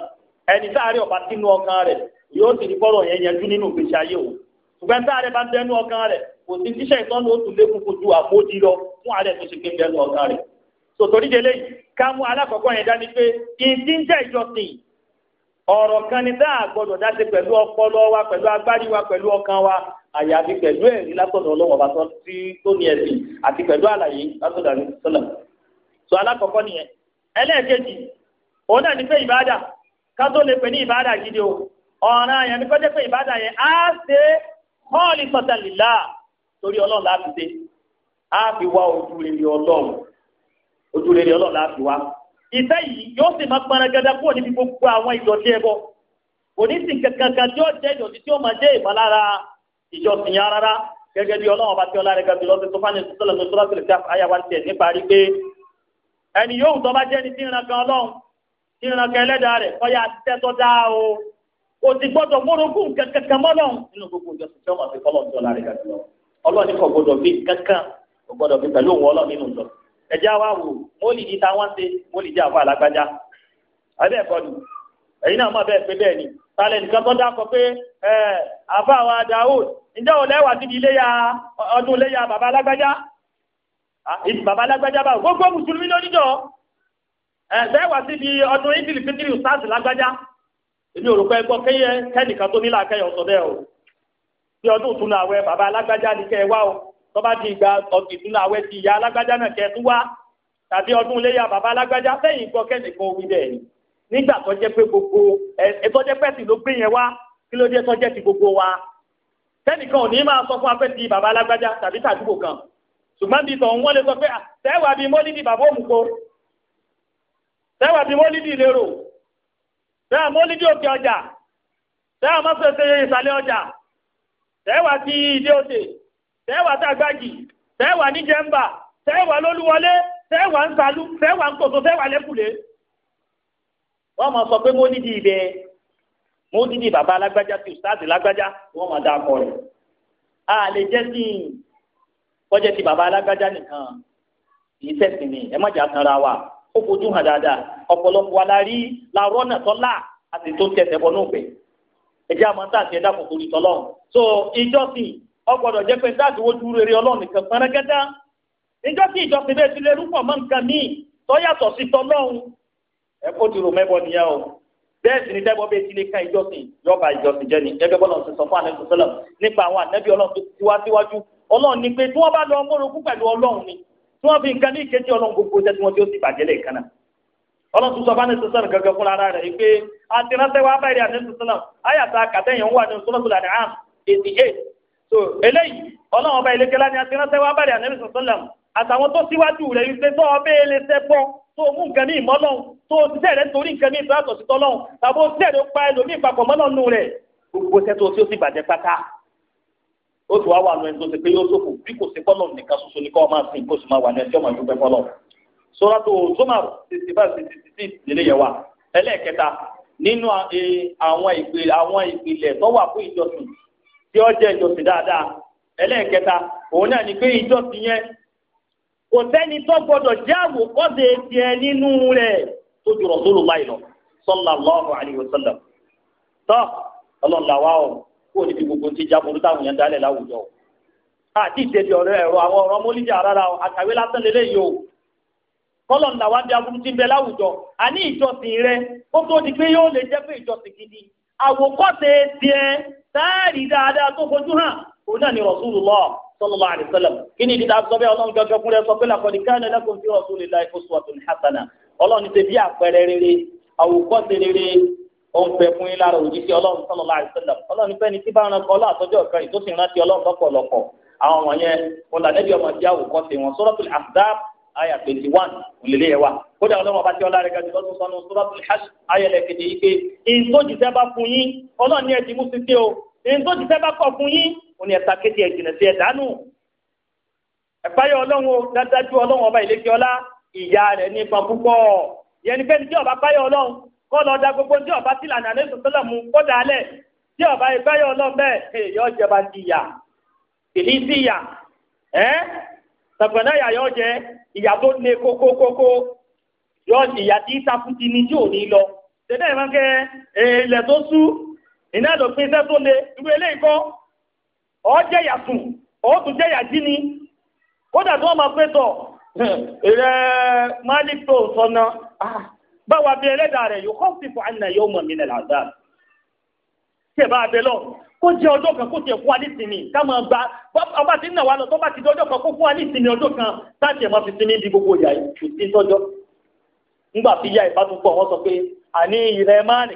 ẹni sáàrí ọ̀bá sínú ọkàn rẹ̀ yóò sì rí fọ́rọ̀ yẹn yanjú nínú ìgbésí ayé o ṣùgbọ́n sáàrí bá bẹnu ọkàn rẹ̀ kò sí tíṣẹ́ ìtọ́nu ó tún lékún kojú àmójì lọ fún ààrẹ tó ṣe pé bẹnu ọkàn rẹ̀ sòtòrí délé yìí ká mú alákọ̀ọ́kọ́ yẹn dání pé ìdí ń jẹ́ ìjọsìn ọ̀rọ̀ kan ni dáa gbọ́dọ̀ dáṣe pẹ̀lú ọpọlọ wa pẹ̀lú agbárí wa pẹ̀lú ọkàn wa àyàfi pẹ̀lú ẹ̀rí látọ̀dọ̀ ọlọ́wọ́ bá tọ́ sí tó ní ẹ̀sìn àti pẹ̀lú àlàyé látọ̀dọ̀ àlẹ́ sọ́lá. sọ alákọ̀ọ́kọ́ nìyẹn ẹlẹ́ẹ̀kejì òun náà ní pé ìbáàdà ká tó lè pè ní ìbáàdà gidi o ọ̀ràn àyàn ní kọ́jẹ́ pé ìbáàdà yẹn á ṣe họ́ọ̀lì sọ̀tàlìlá torí ọlọ́run láti dé á fi wá ojú rere ọlọ́run ojú rere ọlọ́run láti wá. ìfẹ́ ìjọsìn yẹn rárá gẹ́gẹ́ bí ọlọ́run ọba tí ọlá rẹ̀ gàdúrà ọ̀sẹ̀ tó fani sọ́lá tó sọ́lá tẹ̀lé káf àyà wa tiẹ̀ níparí pé ẹni yóò tó bá jẹ́ni tí ìran ọlọ́run tí ìran ẹlẹ́dàá rẹ̀ kọ́ ya tẹ́ tó dá o kò sì gbọ́dọ̀ gbórogún kankan mọ́lọ́run nínú gbogbo ìjọsìn tí ọmọ àti kọ́lọ́ tí ọlá rẹ̀ gàdúrà ọlọ́run ní kò gbọ́dọ̀ fi kankan kò gbọ́dọ̀ fi pẹ̀lú òun ọlọ́run nínú ìjọ ẹ̀já sálẹ̀ nìkan tó dákọ̀ pé àfa àwọn Dáúdù ǹjẹ́ ò lẹ́wà síbi iléyà ọdún iléyà bàbá alágbájá bàbá alágbájá báwo gbogbo mùsùlùmí lóníjọ lẹ́wà síbi ọdún ìdìlì fitiri sars lágbájá èmi ò rò pé gbọ́ kéye kẹ́nìkan tó nílà kẹ́yọ̀ sọ bẹ́ẹ̀ o bí ọdún ìtúnu àwẹ̀ bàbá alágbájá ni kẹ́ ẹ wá o tó bá di ìgbà ìtúnu àwẹ̀ ti ìyá alágbájá náà kẹ́ ẹ tún wá tàbí ọdún iléyà bàbá alágbájá fẹ́yìn gbọ́ kẹ́nìkan wí bẹ́ẹ̀ ni nígbà tó jẹ́ pé gbogbo ẹ tó jẹ́ pẹ́sì ló gbé yẹn wá kí ló dé tó jẹ́ ti gbogbo wa tẹ́nìkan ò ní máa sọ fún afẹ́ ti bàbá alágbájá tàbí tàdúgbò kan ṣùgbọ́n bí tọ̀hún wọ́n lè sọ pé tẹ́wàá bíi mọ́lídìí bàbá òmùkọ tẹ́wàá bíi mọ́lídìí lérò tẹ́wàá mọ́lídìí òkè ọjà tẹ́wàá mọ́sẹ̀ẹ́sẹ̀ ìsàlẹ̀ ọjà tẹ́wàá ti ìdí òde tẹ́wàá tàgbájì tẹ́wàá níjẹ̀mbà tẹ́wàá lólúwọlé tẹ́wàá ń salú tẹ́wàá ń kòtò tẹ́wàá lẹ́kùlé wọ́n máa sọ pé mo nídìí ibẹ̀ mo nídìí bàbá alágbájá ti ustaazi lágbájá wọ́n máa dá akọ rẹ̀ a lè jẹ́ sí i kọjá ti bàbá alágbájá nìkan yìí tẹ̀sí ni ẹ má jà tanra wa ó fojú hàn dáadáa ọ̀pọ̀lọpọ̀ wa la rí la rọ́nà tọ́lá àti tó tẹ̀sẹ̀ bọ́ nóògbé ẹ̀jẹ̀ àmọ́ tá àti ẹ̀dá kò torí tọ́lọ́ so ìjọsìn ọgbọ́dọ̀ jẹ́ pé táàtì wojú rere Ọlọ́run nìkan pẹ́rẹ́gẹ́dá ìjọsìn ìjọsìn bẹ́ẹ̀ ti lè rúpọ̀ mọ́ nǹkan míì tọ́yàtọ̀ sí tọ́lọ́run ẹkọ ti rò mẹbọ nìyẹn o bẹ́ẹ̀ sì ni dẹbọ bẹ́ẹ̀ ti lè ka ìjọsìn yọba ìjọsìn jẹ ni gẹ́gẹ́ bọlọ ti sọ fún anabi sọlọ nípa àwọn anabi Ọlọ́run tó ti wá síwájú Ọlọ́run ni pé tí wọn bá lọ mórogún pẹ̀lú Ọlọ́run ni tí wọn fi nǹkan ní ìkejì Ọlọ́run gbogbo jẹ tí wọn ti ó sì bàjẹ́ lẹ́ẹ̀kan náà Ọlọ́run tó sọ fún anabi sọlọ gẹ́gẹ́ fún ara rẹ̀ pé àti ránṣẹ́ wa báyìí anabi sọlọ ayàtà kàtẹyìn wà ní so eléyìí Ọlọ́run ọba ìlẹkẹlá ni àti ránṣẹ́ wa báyìí anabi sọlọ àtàwọn tó síwájú rẹ̀ wípé tó mú nǹkan ní ìmọ́lọ́hún tó ṣiṣẹ́ rẹ̀ nítorí nǹkan ní ìtọ́yàtọ̀ sí tọ́lọ́hún tàbí ṣiṣẹ́ rẹ̀ pa ẹlòmíì papọ̀ mọ́lọ́nù rẹ̀ gbogbo ṣẹ́ tó ṣe ó sì bàjẹ́ pátá ó ti wá wà lóyún tó ṣe pé yóò ṣòfò bí kò sí fọlọ́ nìkan ṣoṣo ní kọ́ máa sìn kó sì máa wà ní ẹjọ́ máa dúpẹ́ fọlọ́ sọ́ràtò zomar sixty five sixty six nílé yẹn wa ẹlẹ́ẹ̀kẹta nínú e, àwọn ìpìlẹ̀ tó wà fún ìjọsìn tí ó jẹ́ ìjọsìn dáadáa ẹlẹ́ẹ̀kẹta òun náà ni pé ìjọsìn yẹn kò sẹ́ni tó gbọdọ̀ jẹ́ àwòkọ́ṣe tiẹ̀ nínú rẹ̀ tó lọ tọ́ kó níbi gbogbo ti jaburú táwọn yẹn dálẹ̀ láwùjọ o àti ìdèbí ọ̀rọ̀ ẹ̀rọ àwọn ọ̀rọ̀ mọ́lídìí àrárá o àkàwé lásán lélẹ́yìí o kọlọ́nà wa bí ti bẹ láwùjọ àní ìjọsìn rẹ ó tó di pé yóò lè jẹ́ pé ìjọsìn gidi àwòkọ́ṣe tiẹ̀ sáàrì dáadáa tó fojú hàn òun náà ni sallallahu alaihi wasallam kí ni ìdílé àtúntò bẹ́ẹ̀ ọlọ́run jọjọ kúnlẹ̀ sọ pé làkọ́ni kana lakum fi rasulillahi uswatun hasana ọlọ́run ti bí àpẹẹrẹ rere àwòkọ́ṣe rere ó ń fẹ́ fún yín lára òjíṣẹ́ ọlọ́run sallallahu alaihi wasallam ọlọ́run fẹ́ni tí bá ran kọ́ látọjọ́ kan ìtòsí rántí ọlọ́run lọ́pọ̀lọpọ̀ àwọn wọ̀nyẹn wọn làdẹ́bí ọmọ tí àwòkọ́ṣe wọn suratul ahzab aya twenty one òlìlẹ̀ yẹn wa kódà ọlọ́run ọba tí ọlá rẹ̀ ga jùlọ tó sọnù suratul hajj aya lẹ́kẹ̀dẹ̀ yìí pé ìtòjìṣẹ́ bá fún yín ọlọ́run ní ẹ̀ ti mú sí sí o ní tó ti fẹ́ bá kọ̀ fún yín ó ní ẹ̀ta kéde ẹ̀jìnà sí ẹ̀dánù ẹ̀fáyọ̀ ọlọ́run dájú ọlọ́run ọba ìlẹ́kẹ́ ọlá ìyá rẹ̀ nípa púpọ̀ yẹn fẹ́ni tí ọba fáyọ̀ ọlọ́run kọ́ lọ da gbogbo tí ọba tí lànà àlẹ́ sọ̀tọ́lọ̀ mu kó dà á lẹ̀ tí ọba ìfáyọ̀ ọlọ́run bẹ́ẹ̀ yọ jẹba ti yà tèmi sí yà ẹ́ sọ̀gbọ̀nà yà yọ jẹ ìyà tó le kókókókó yọ ìyà tí sáfù ti ní tí ò ní lọ tẹ́lẹ̀ máa ń kẹ́ ilẹ̀ tó iná ló pín iṣẹ́ tó le irú eléyìí kọ́ ọ́ jẹ̀yà sùn ọ́ tún jẹ̀yà jí ni kódà tí wọ́n máa pé tọ̀ ẹ̀rẹ́ malik tó sọ̀nà ah, báwa bí ẹlẹ́dàá rẹ̀ yóò kọ́ọ̀tì fún àná yóò mọ̀ mí lẹ́la tí ẹ bá abẹ lọ kó jẹ ọjọ́ kan kó tiẹ̀ fún wa ní gba ọba tí nà wá lọ tó bá ti di ọjọ́ kan kó fún wa ní sinmi ọjọ́ kan láti ẹ máa fi sinmi di gbogbo ìyá ìtú sí tọjọ nígbà tí ìyá ìbá wọ́n sọ pé àní ìrẹ máa nì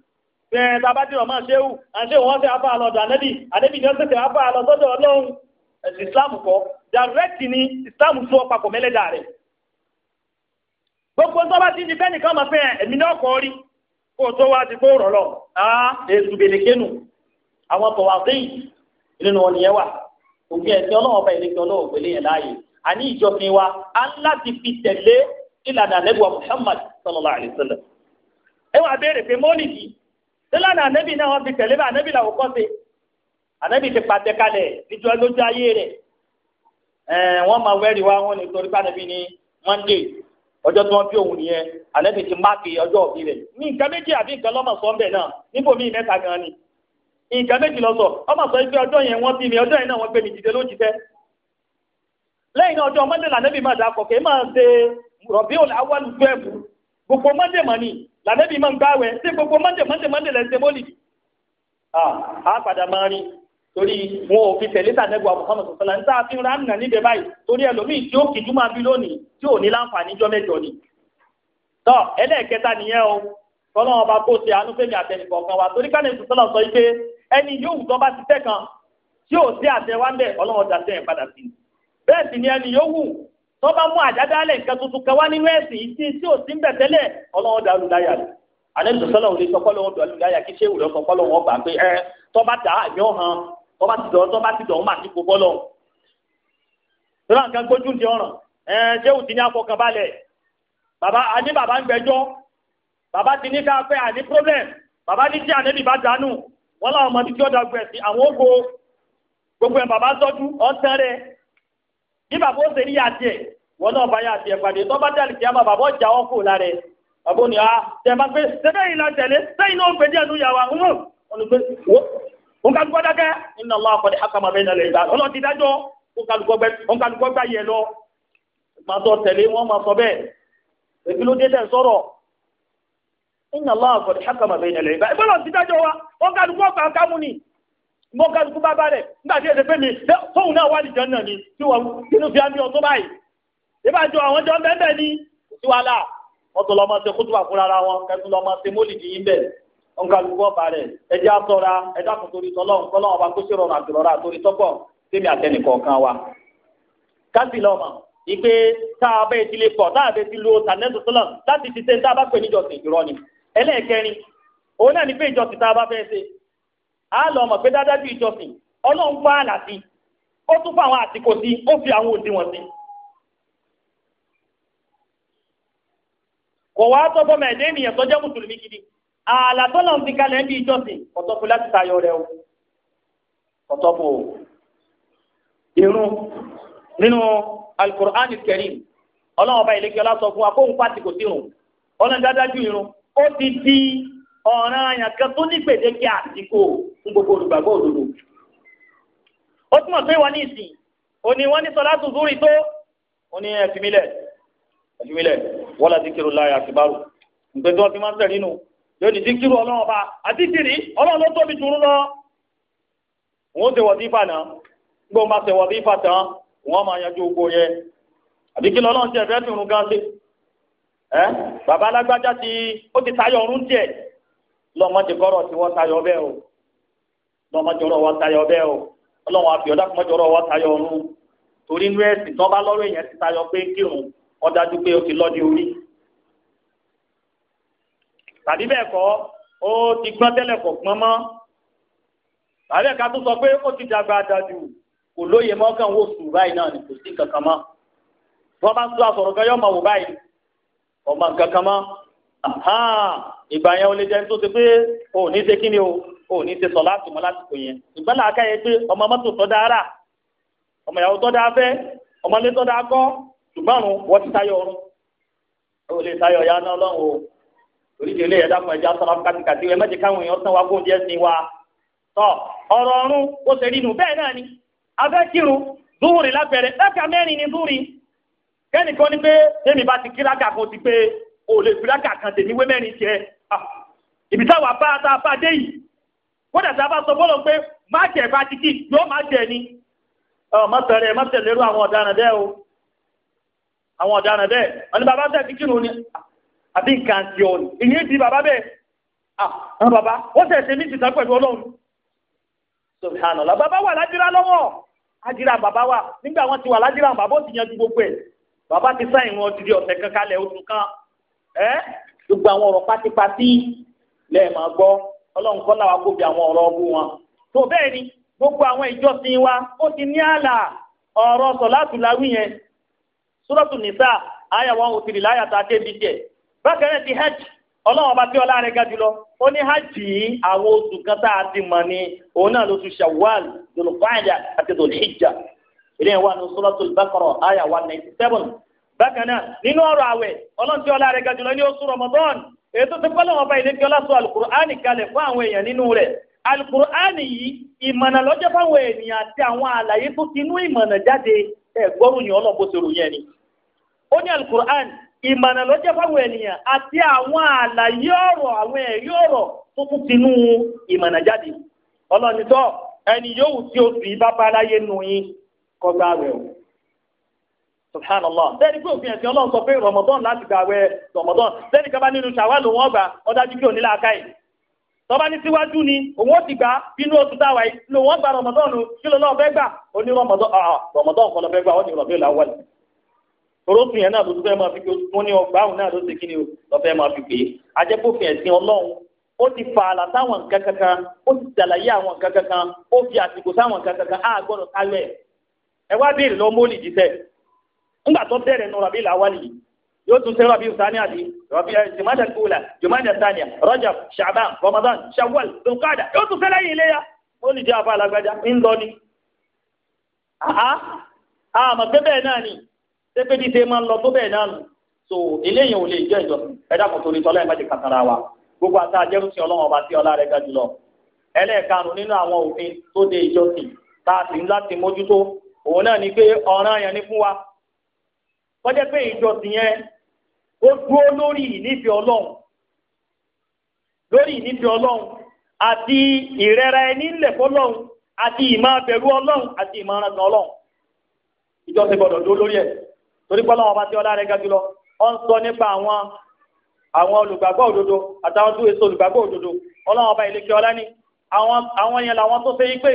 ẹ bàbá dìrọ̀ máa ṣéwù àṣẹ wọn ṣe afá àlọ́dọ̀ ànẹ́bì ànẹ́bì ni ó afá àlọ́dọ̀ ọlọ́run ẹ̀sìn islam kọ́ direct ni islam tún ọ papọ̀ mẹ́lẹ́dà rẹ̀ gbogbo tó bá ti di kan máa fẹ́ ẹ̀mí náà kọ́ rí kó tó wá ti kó èsù àwọn sí wọn nìyẹn wà òfin ẹ̀sìn ọlọ́run ọba ọlọ́run sílànà na náà wọ́n fi tẹ̀lé bá ànábì làwọn kọ́ sí ànábì ti pàtẹ kalẹ̀ níjọ lójú ayé rẹ̀ ẹ̀ wọ́n máa wẹ́rì wá wọn nítorí pé ànábì ní Monday ọjọ tí wọ́n bí òun nìyẹn ànábì ti máàkì ọjọ́ òbí rẹ̀ ní nǹkan méjì ni nǹkan méjì lọ sọ ọmọ sọ pé yẹn bí mi ọjọ́ yẹn náà gbé mi dìde náà lànàbí máa ń gbáwẹ̀ ṣé gbogbo mọ́ndé mọ́ndé mọ́ndé lẹ́sẹ̀ mọ́lì a padà máa rí torí wọn ò fi tẹ̀lé sàdẹ́gbò àbùkámọ̀ sọ̀tọ̀lá ń sáà fi ń ránà níbẹ̀ báyìí torí ẹlòmíì tí ó kìjú máa bí lónìí tí ò ní láǹfààní jọ mẹ́jọ ni. tọ́ ẹlẹ́ẹ̀kẹta nìyẹn o tọ́lọ́ ọba kó ṣe àánú fẹ́mi àtẹnìkọ̀ kan wa torí kánẹ̀ sọ̀tọ̀lá sọ pé ẹni yóò wù tọ́ba ti tẹ́ kan tí ò sí àtẹwá ń bẹ̀ ọlọ́run dàtẹ́ yẹn padà sí bẹ́ẹ̀ sì ni ẹni yóò wù tó bá mú àdádálẹ̀ nǹkan tuntun kan wá nínú ẹ̀sìn ìsìn tí ò sí ń bẹ̀ tẹ́lẹ̀ ọlọ́run dàlú láyà rẹ̀ alẹ́ sọ́sọ́lá òde sọ́kọ́lọ́ wọn dàlú láyà kí sẹ́wù lọ́sọ̀ kọ́lọ́ wọn gbà pé ẹ tó bá dà yọ hàn tó bá ti dọ̀ tó bá ti dọ̀ máa ti kó bọ́lọ̀ tọ́lá gbójú ti ọ̀ràn ẹ sẹ́wù ti ní afọkànbalẹ̀ bàbá àní bàbá ń gbẹ́jọ́ bàbá ti ní ká àní problem bàbá ní tí ànẹ́bì bá dànù wọn láwọn ọmọdé tí ó dàgbẹ̀ sí àwọn ògo bí bàbá ó ṣe rí yàtí ẹ̀ wọn náà bá yàtí ẹ̀ pàdé tó bá dàlí kí á bàbá ọjà wọn kù lára ẹ̀ bàbá òní ah tẹ bá gbé sẹ́fẹ́ yìí la tẹ̀lé sẹ́yìn náà ó gbé dákẹ́ iná lọ́wọ́ bẹ́ẹ̀ ọlọ́ọ̀tì dájọ́ gbá yẹ lọ máa tẹ̀lé wọn máa sọ bẹ́ẹ̀ ló dé tẹ̀ sọ̀rọ̀ iná lọ́wọ́ mọ́ kálukú bá bá rẹ̀ nígbà tí èdè pé mi tóun náà wà ní jọ́nà ni tí wọ́n kínú fi ámì ọ̀tún báyìí ìbájọ àwọn jọ bẹ́ẹ̀ bẹ́ẹ̀ ni tí wàá là wọ́n tó lọ́mọ ṣe kútùbà fúnra ra wọn kẹ́tù lọ́mọ ṣe mólìdì yín bẹ́ẹ̀ wọn kálukú ọba rẹ̀ ẹjẹ́ àtọ́ra ẹ̀dá kò torí tọ́lọ́hún tọ́lọ́hún ọba kó ṣèrọ̀rùn àtìrọ̀rà torí tọ́pọ̀ tèmi àtẹnìkọ̀ọ̀kan wa. a bẹ́ẹ̀ ti lè a bẹ́ẹ̀ ti lo tànẹ́tù tọ́lọ̀ láti fi ṣe tá a bá pè níjọsìn ìrọ́ ni. ẹlẹ́ẹ̀kẹrin òun náà ní pé á lọ mọ̀ pé dáadáa ju ìjọsìn ọlọ́run bá àlà sí ó tún fún àwọn àsìkò sí ó fi àwọn òdiwọ̀n sí. kò wá tọ́gbọ́n mẹ́ẹ̀dé ènìyàn tó jẹ́ mùsùlùmí gidi ààlà tó lọ́n fi kalẹ̀ ń bí ìjọsìn ọ̀tọ́fù láti tayọ rẹ o ọ̀tọ́fù o. irun nínú alukur'an karim ọlọ́run ọba ìlẹ́kẹ́ ọlá sọ fún wa kóhun pàtìkò sí irun ọlọ́run dáadáa ju irun ó ti di. ọ̀ràn àyàn kan tó ní gbèdéke àsìkò fún gbogbo olùgbàgbọ́ òdodo. ó túmọ̀ pé wọ́n ní ìsìn òní wọ́n ní sọlá tuntun rí tó òní ẹ̀fìmílẹ̀ ẹ̀fìmílẹ̀ wọ́n láti kírun láyà àtibárò nígbà tí wọ́n fi máa ń sẹ̀ nínú yóò ní sí ọlọ́run ọba àti ìsìnrí ọlọ́run ló tóbi lọ. wọ́n náà gbọ́n bá tán wọ́n máa yanjú yẹ àbí kí lọ́lọ́run fi gan ẹ bàbá alágbájá ti ó ti ọ̀run tiẹ̀ lọ́mọdé kọ́rọ̀ tí wọ́n tayọ bẹ́ẹ̀ o lọ́mọdé ọ̀rọ̀ wọ́n tayọ bẹ́ẹ̀ o ọlọ́run àfi ọ̀dà kọ́mọdé ọ̀rọ̀ wọ́n tayọ ọ̀run torí inú ẹ̀sìn tán bá lọ́rọ̀ èèyàn ti tayọ pé kírun wọ́n dájú pé ó ti lọ́dí orí tàbí bẹ́ẹ̀ kọ́ ó ti gbọ́n tẹ́lẹ̀ kọ̀ pọ́n mọ́ tàbí ẹ̀ka tó sọ pé ó ti dàgbà dájú kò lóye mọ́ wò sùn báyìí náà ni kò sí kankan mọ́ wọ́n bá ń sọ àsọ̀rọ̀ kan yọ ìgbà yẹn o lè tó ṣe pé o ní ṣe kíni o o ní ṣe sọ láti mọ lásìkò yẹn ìgbà làákà pé ọmọ mọ́tò tọ da ara ọmọ ìyàwó tọ da afẹ́ ọmọ ilé tọ da kọ ṣùgbọ́n wọ́n ti tayọ ọrùn o lè tayọ ya náà oríṣi ilé ẹ̀dá ẹja kàtìkàtì ẹ mẹ́jẹ káwọn èèyàn wá kó oúnjẹ wa tọ ṣe rí nù bẹ́ẹ̀ náà ni afẹ́ kírun lápẹ̀rẹ̀ mẹ́rin ni kẹ́nìkan ní pé bá o lè fi rákà kan tèmi wé mẹ́rin tiẹ̀ ibi táwa bá a tá a bá dé yìí kódà tá a bá sọ bọ́ọ̀lù pé má jẹ̀ bá ti kí yóò má jẹ̀ ni ọmọ tẹ̀lé má tẹ̀lé rú àwọn ọ̀daràn bẹ́ẹ̀ o àwọn ọ̀daràn bẹ́ẹ̀ wọn ni bàbá tẹ̀ fi kírun ni àbí nǹkan ti ọ̀ ìyẹn di bàbá bẹ́ẹ̀ àwọn bàbá wọ́n tẹ̀ ṣe ní ìsìta pẹ̀lú ọlọ́run subhanallah bàbá wà ládìrá lọ́wọ́ àdìrá bàbá wà nígbà wọn ti wà ládìrá bàbá ó ti yanjú gbogbo ẹ̀ bàbá ti sáyìn wọn ti di ọ̀sẹ̀ kankan lẹ̀ oṣù kan ẹ́ gbogbo àwọn ọ̀rọ̀ pátípátí lẹ́ẹ̀ máa gbọ́ ọlọ́run kọ́ làwọn akóbi àwọn ọ̀rọ̀ ọbú wọn. tó bẹ́ẹ̀ ni gbogbo àwọn ìjọsìn wa ó ti ní àlà ọ̀rọ̀ sọ̀láàtù láwí yẹn nìsà òtìrì oh láyà tá a dé ọba tí ọlá rẹ̀ ga jùlọ ó ní hajj yìí àwọn oṣù kan ni òun náà shawwal àti ilé wa bákan náà nínú ọrụ àwẹ̀ ọlọ́run ọlá ní oṣù Ramadan ètò ti pẹ́ ọba báyìí kí ọlá sọ kalẹ̀ fún àwọn èèyàn nínú rẹ̀ alukur'ani yìí ìmọ̀nà lọ́jọ́ fáwọn ènìyàn àti àwọn àlàyé tó ti inú ìmọ̀nà jáde bó ti rò yẹn ni ó ní ìmọ̀nà lọ́jọ́ fáwọn ènìyàn àti àwọn àlàyé ọ̀rọ̀ àwọn ọ̀rọ̀ tó tún ti inú o. subhanallah bẹ́ẹ̀ni pé òfin ẹ̀sìn Ọlọ́run sọ pé rọmọdán láti gbà wẹ̀ rọmọdán bẹ́ẹ̀ni kaba nínú ṣàwálù wọn gbà ọdájú kí òní làákàyè tọ́ba ní síwájú ni òun ó ti gbà bínú oṣù táwa yìí ni òun ó gba rọmọdán nu kí ló lọ́ọ́ fẹ́ gbà ó ní rọmọdán rọmọdán kọ́ ló fẹ́ gbà ó ní rọ̀bẹ́ làwọn wọlé torótù yẹn náà ló tún fẹ́ máa fi pé wọ́n ní ọgbà òun náà ló ṣe kí ni ló fẹ́ máa fi pé ajẹ́pọ̀fin ẹ̀sìn Ọlọ́run ó ti fa àlà sáwọn nǹkan kankan ó ti ṣàlàyé àwọn nǹkan kankan ó fi àsìkò sáwọn nǹkan kankan á gbọ́dọ̀ kálẹ̀ ẹ wá béèrè lọ mólì jíṣẹ́ nígbà tó bẹ̀rẹ̀ nù rabi lawali yìí yóò tún ṣe rabi sani àti rabi eh, jumada kula jumada saniya rajab shaban ramadan shawwal dunkada yóò tún ṣe lẹ́yìn iléyà ó lè jẹ́ afa alágbájá ń lọ ni. àmọ́ pé bẹ́ẹ̀ náà ni pépé ti ṣe máa ń lọ tó bẹ́ẹ̀ náà nù so eléyìí ò lè jẹ́ ìjọsìn ẹ̀dá kò torí tọ́lá ẹ̀ má ti kàtàrà wa gbogbo àti àjẹrùsí ọlọ́run ọba tí ọlá rẹ̀ ga jùlọ ẹlẹ́ẹ̀karùn-ún nínú àwọn òfin tó de ìjọsìn tá a sì ń láti mójútó òun náà ni pé ọ̀ranyàn ni fún wa kọjá pé ìjọsìn yẹn ó dúró lórí ìnífẹ̀ẹ́ ọlọ́run lórí ìnífẹ̀ẹ́ ọlọ́run àti ìrẹ́ra ẹni ńlẹ̀ fọlọ́run àti ìmọ̀ abẹ̀rù ọlọ́run àti ìmọ̀ràn kan ọlọ́run ìjọsìn gbọdọ̀ dúró lórí ẹ̀ torí pé ọlọ́run ọba tí ọlá rẹ̀ ga jùlọ ọ ń sọ nípa àwọn àwọn olùgbàgbọ́ òdodo àtàwọn tó èso olùgbàgbọ́ òdodo ọlọ́run ọba ìlẹ́kẹ́ ọlá ní àwọn yẹn làwọn tó fẹ́ yí pé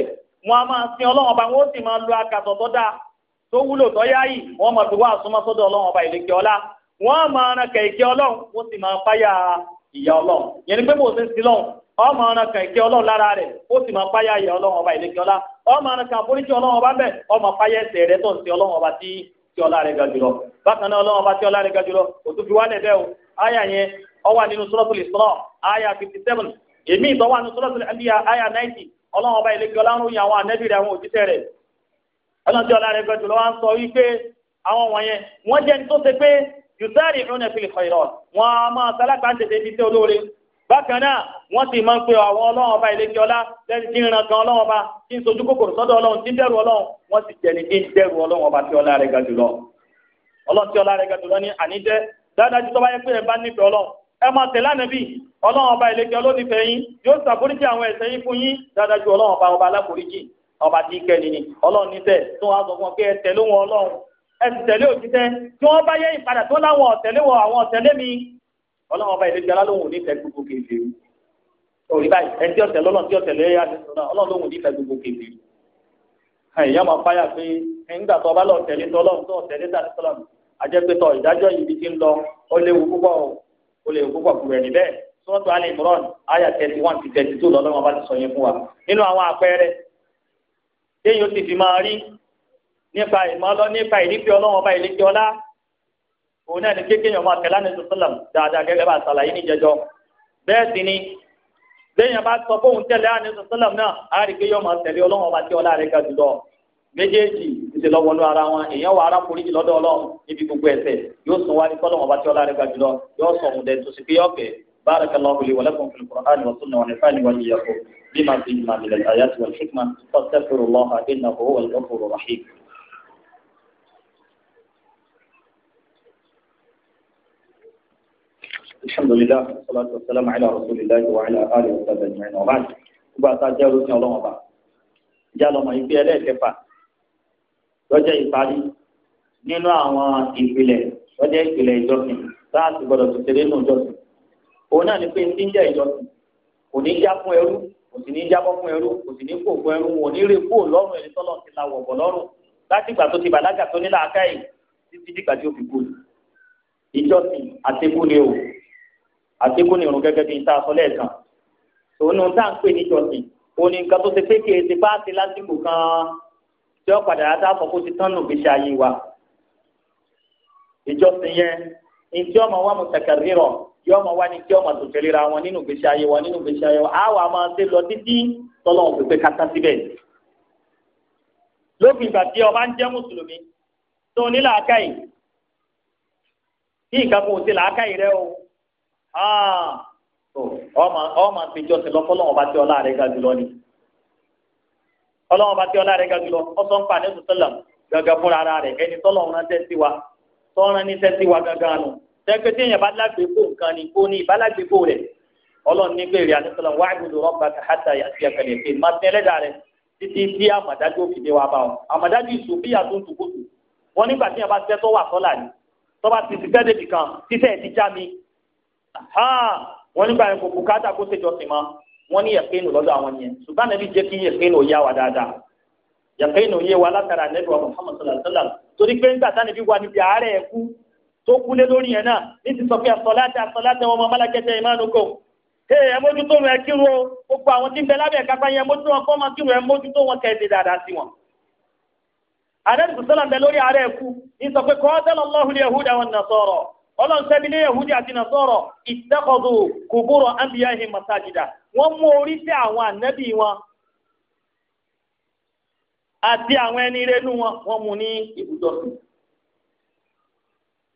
wọn a máa sin ọlọ́run ọba wọn ó sì máa lo akàtọ̀ tó dáa tó wúlò tó yá yìí wọ́n máa fi wá àsomọ́ sọ́dọ̀ ọlọ́run ọba ìlẹkẹ ọlá wọ́n máa ran kẹkẹ ọlọ́run wọ́n sì máa páyà ìyá ọlọ́run yẹn ni pé bó ṣe ń sin lọ́run ọmọ ọ̀ràn kan ìkẹ́ ọlọ́run lára rẹ̀ ó sì máa páyà ìyá ọlọ́run ọba ìlẹ́kẹ́ ọlá ọmọ ọ̀ràn kan àforíjì ọlọ́run ọba bẹ́ẹ̀ ọmọ páyà ẹsẹ̀ rẹ̀ tó ń sin ọlọ́run ọba tí tí ọlá ga jùlọ bákan ọlọ́run tí ọlá rẹ̀ gbẹ̀dùn lọ́wọ́ ń sọ wípé àwọn wọ̀nyẹn wọ́n jẹ́ ní tó ṣe pé yusari ìrúnẹ̀ fil khairat wọn a máa sálágbá ń tètè ní iṣẹ́ olóore bákan náà wọ́n sì máa ń pe àwọn ọlọ́run ọba ìlẹ́kẹ́ ọlá lẹ́ni tí ń ran kan ọlọ́run ọba tí ń sojú kòkòrò sọ́dọ̀ ọlọ́run tí ń bẹ̀rù ọlọ́run wọ́n sì jẹ́ ní tí ń bẹ̀rù ọlọ́run ọba tí ọlá rẹ̀ ga jùlọ. ọlọ́run tí ọlá rẹ̀ ga jùlọ ní àníjẹ́ dáadáa tí tọ́ba yẹ pé ẹ bá nífẹ̀ẹ́ ọlọ́run ẹ máa tẹ̀lé ànábì ọlọ́run ọba ìlẹ́kẹ́ ọlọ́nífẹ̀ẹ́ yín yóò ṣàforíjì àwọn ẹ̀ṣẹ̀ yín fún yín dáadáa ju ọba ọba aláforíjì ọba tí kẹ́ni ni ọlọ́run níṣẹ́ tó wàá sọ fún ọ pé ẹ tẹ̀lé wọn ọlọ́run ẹ sì tẹ̀lé òjíṣẹ́ tí wọ́n bá yẹ ìpadà tó láwọn ọ̀tẹ̀lé wọn àwọn ọ̀tẹ̀lé mi ọlọ́run ọba ìdíje alálòhùn nífẹ̀ẹ́ gbogbo kejì orí báyìí ẹni tí ọ̀tẹ̀ lọ́lọ́run tí ọ̀tẹ̀ lẹ́yà ọlọ́run lóhùn nífẹ̀ẹ́ gbogbo kejì èèyàn máa fáyà pé nígbà tó ọba lọ tẹ̀lé tọ́lọ́run tó tẹ̀lé tàbí tọ́lọ́run àjẹpẹ́tọ̀ ìdájọ́ yìí ti ń lọ ó léwu púpọ̀ ó léwu púpọ̀ kù rẹ̀ níbẹ̀ sọ́tò alẹ́ ìmúrọ̀n àyà thirty one to thirty two lọ́lọ́run ọba ti sọ yẹn fún wa nínú téèyàn ti fi máa rí nípa ìmọ̀lọ́ nípa ìdíkẹ́ ọlọ́wọ́n ọba ìlẹ́kẹ́ ọlá òun náà ní kékeré ọmọ akẹ́lá ní sọ́sọ́làm dáadáa gẹ́gẹ́ bá ṣàlàyé ní jẹjọ bẹ́ẹ̀ sì ni lẹ́yìn bá sọ fóun tẹ̀lé àní sọ́sọ́làm náà á rí pé yóò máa tẹ̀lé ọlọ́wọ́n ọba tí ọlá rẹ̀ ga jùlọ méjèèjì ti lọ wọnú ara wọn èèyàn wà ara foríjì lọ́dọ̀ ọlọ́run níbi gbogbo ẹ̀ṣẹ̀ yóò sùn wá ní kọ́lọ́wọ́n ọba tí ọlá rẹ̀ ga jùlọ yóò sọ òun dẹ̀ tó sì pé yọ̀ọ̀kẹ́ bárakàlá ọ̀gbìn wọlé kọ̀ọ̀kan kọ̀ọ̀kan ní wọ́n sún náà wọn ní fáìlì wọn yìí yẹ بما فيهما من الآيات والحكمة فاستغفر الله إنه هو الغفور الرحيم الحمد لله والصلاة والسلام على رسول الله وعلى آله وصحبه أجمعين وبعد gbogbo àtàjẹ́ olóṣèlú ọlọ́wọ́n bá ìjà lọ́mọ ìgbé ẹlẹ́ẹ̀kẹfà lọ́jọ́ ìparí nínú àwọn ìpìlẹ̀ lọ́jọ́ ìpìlẹ̀ ìjọsìn láti gbọ́dọ̀ tó tẹ̀lé nù ìjọsìn òun náà ni pé ní jẹ́ ìjọsìn kò ní já fún ẹrú kò sì ní jábọ́ fún ẹrú kò sì ní kó fún ẹrú wọn ní rè kó lọ́rùn ẹni tọ́lọ̀ ti la wọ̀bọ̀ lọ́rùn láti ìgbà tó ti bàlágà tó ní làákàyè títí dìgbà tí ó fi kú ìjọsìn àtẹkùn ni o àtẹkùn ni irun gẹ́gẹ́ bí n ta sọ lẹ́ẹ̀kan òun tá à ń pè níjọsìn òun ni nǹkan tó ṣe pé kìí ṣe bá ti lásìkò kan tí ó padà yàtọ̀ àfọ̀kù ti tán nù gbèsè ayé wa ìjọsìn yẹn ní tí ọmọ wa mùsàkàrí rọ kí ọmọ wa ni kí ọmọ tó tẹ̀léra wọn nínú ìgbésí ayé wọn nínú ìgbésí ayé wọn àwa máa ṣe lọ títí tọ́lọ́wọ́n pípé kátá síbẹ̀. lópin ìgbà tí ọba ń jẹ́ mùsùlùmí tó ní làákàyè kí nǹkan kan làákàyè rẹ o ah! ọmọ ọmọ àpèjọ sí lọ́kọ́lọ́wọ́n bá tí ọlá rẹ̀ ga jùlọ ni ọlọ́wọ́n bá tí ọlá rẹ̀ ga jùlọ ọsàn pa ní sọ́sọ́làm gàgà fúnra rẹ̀ ẹni tọ́lọ́wọ́n tẹ́gbẹ́ tí èèyàn bá lágbègbò nǹkan ni kò ní ìbálágbègbò rẹ̀ ọlọ́run ní bèrè àtúntò wá ìbùdó rọ́bà káhátà àti ẹ̀kẹ́lẹ̀ pé má tẹ́ ẹlẹ́dà rẹ̀ títí tí àmọ̀dájú òfin dé wa bá wọn àmọ̀dájú ìsòfíà tó ń tukùtù wọn nígbà tí èèyàn bá tẹ́ tó wà sọ́là ni tó bá ti ti tẹ́ débi kan títẹ̀ ti já mi wọn nígbà yẹn kò bùkátà kó ṣèjọ sí ma wọn ní yẹ̀kéènù lọ́dọ̀ àwọn yẹn ṣùgbọ́n àná jẹ́ kí yẹ̀kéènù yá wa dáadáa yẹ̀kéènù yé wa látara ànẹ́bí wa Muhammad sallallahu alaihi wa torí pé nígbà táwọn tó kúlé lórí yẹn náà ní ti sọ pé àsọláta àsọláta wọn mọ malakẹta ìmánuko ẹ ẹ mójútó rẹ kírun o gbogbo àwọn tí ń bẹ lábẹ́ kápá yẹn mójútó wọn kọ́ máa kírun ẹ mójútó wọn kẹ́ẹ̀dé dáadáa sí wọn. àdẹ́rù sọ́lá ń bẹ lórí ààrẹ ẹ̀kú ní sọ pé qatala Allahu al-yahuda wan-nasara ní yahudi àti nasọ́rọ̀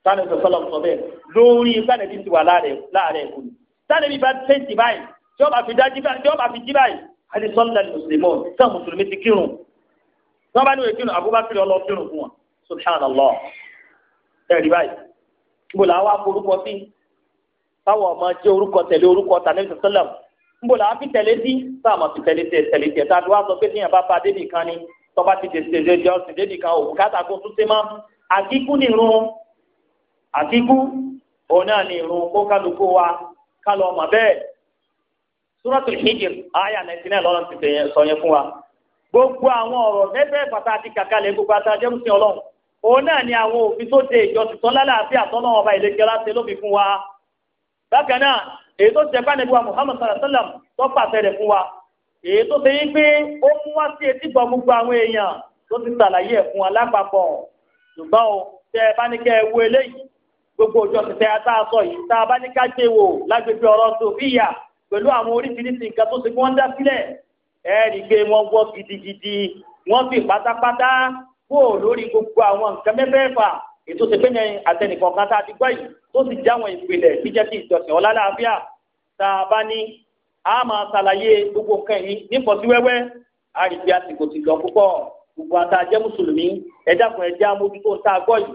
sani sọ sọlọ sọ bẹ́ẹ̀ lórí sani bí ti wà láàrẹ kù sani bí bá tẹ jì báyìí tí ba bá fi dájú báyìí tí wọn bá fi jí báyìí àti sọlá mùsùlùmọ sọ mùsùlùmí ti kírun tí wọn bá ní òkírun Abubakar ọlọ kírun fún wọn subhanallah tẹrí báyìí níbo la wá forúkọ sí báwo ọmọ jẹ orúkọ tẹ̀lé orúkọ tànẹbí sọ sọlá níbo la fi tẹ̀lé sí báwo ọmọ fi tẹ̀lé tẹ tẹ̀lé tẹ tá a ti wá sọ pa débì kan ni tọ́ba ti tẹ̀sí tẹ̀sí ọ̀sìn débì kan òkú kátàkùn tún ṣe máa àkíkú nìrun àkíkú òun ni ìrun kó kálukú wa kálọ̀ ọmọ bẹ́ẹ̀ suratul hijr aya ninety nine lọ́nà ti sọ yẹn fún wa gbogbo àwọn ọ̀rọ̀ mẹ́fẹ́ pàtàkì kàkálẹ̀ gbogbo àtàjẹ́ òsìn ọlọ́run òun ni àwọn òfin tó de ìjọsìn tán lálàáfíà tọ́nà ọba ìlẹ́jọ́ láti lóbi fún wa bákan náà èyí tó jẹ́ báyìí wa Muhammad sallallahu alaihi wa sallam tó pàṣẹ rẹ̀ fún wa èyí tó ṣe yí pé ó mú wá sí etí gbọ́ gbogbo ọjọ́ tẹ̀tẹ̀ ata sọ yìí tá a bá ní ká ṣe wò lágbègbè ọ̀rọ̀ sofiya pẹ̀lú àwọn oríṣiríṣi nǹkan tó ṣe kí wọ́n dá sílẹ̀ ẹ rí i pé wọ́n wọ́ gidigidi wọ́n fi pátápátá kó lórí gbogbo àwọn nǹkan mẹ́fẹ̀ẹ̀fà ètò ìpínlẹ̀ àtẹnìkan kan tá a ti gbọ́ yìí tó sì jáwọn ìpìlẹ̀ jíjẹ́ kí ìjọsìn ọ̀la láàbíà tá a bá ní a máa ṣàlàyé gbogbo nǹkan yìí nífọ̀síwẹ́wẹ́ a rí i pé àsìkò ti lọ púpọ̀ gbogbo àtàjẹ́ mùsùlùmí ẹ dákun ẹ jẹ́ amójútó tá a gbọ́ yìí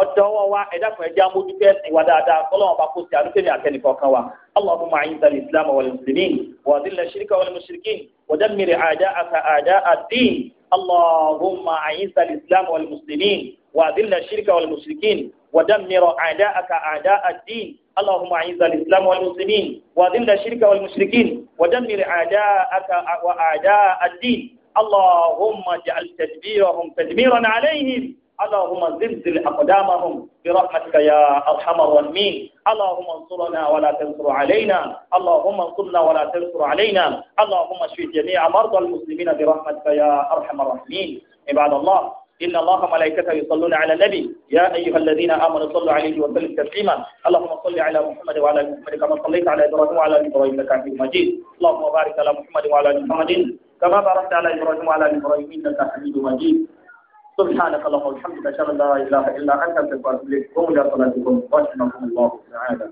ọjọ́ wọn wa ẹ̀dá kan ẹ̀jẹ̀ amójútó ẹ̀sìn wa dáadáa kọ́lọ́wọ́n bá kó sí àlùfẹ́mi àtẹnìkọ̀ọ̀kan wa allahumma a'izza al-islam wal muslimin wa dhilla ash-shirka wal mushrikin wa dammir a'da'aka a'da'a ad-din allahumma a'izza al-islam wal muslimin wa dhilla ash-shirka wal mushrikin wa dammir a'da'aka a'da'a ad-din اللهم أعز الإسلام والمسلمين وأذل الشرك والمشركين ودمر أعداءك وأعداء الدين اللهم اجعل تدبيرهم تدميرا عليهم اللهم زلزل أقدامهم برحمتك يا أرحم الراحمين اللهم انصرنا ولا تنصر علينا اللهم انصرنا ولا تنصر علينا اللهم اشف جميع مرضى المسلمين برحمتك يا أرحم الراحمين عباد الله إن الله ملائكته يصلون على النبي يا أيها الذين آمنوا صلوا عليه وسلموا تسليما اللهم صل على محمد وعلى آل محمد كما صليت على إبراهيم وعلى آل إبراهيم إنك حميد مجيد اللهم بارك على محمد وعلى آل محمد كما باركت على إبراهيم وعلى آل إبراهيم إنك حميد مجيد سبحانك اللهم وبحمدك اشهد ان لا اله الا انت استغفرك واتوب اليك قوم الى صلاتكم رحمكم الله تعالى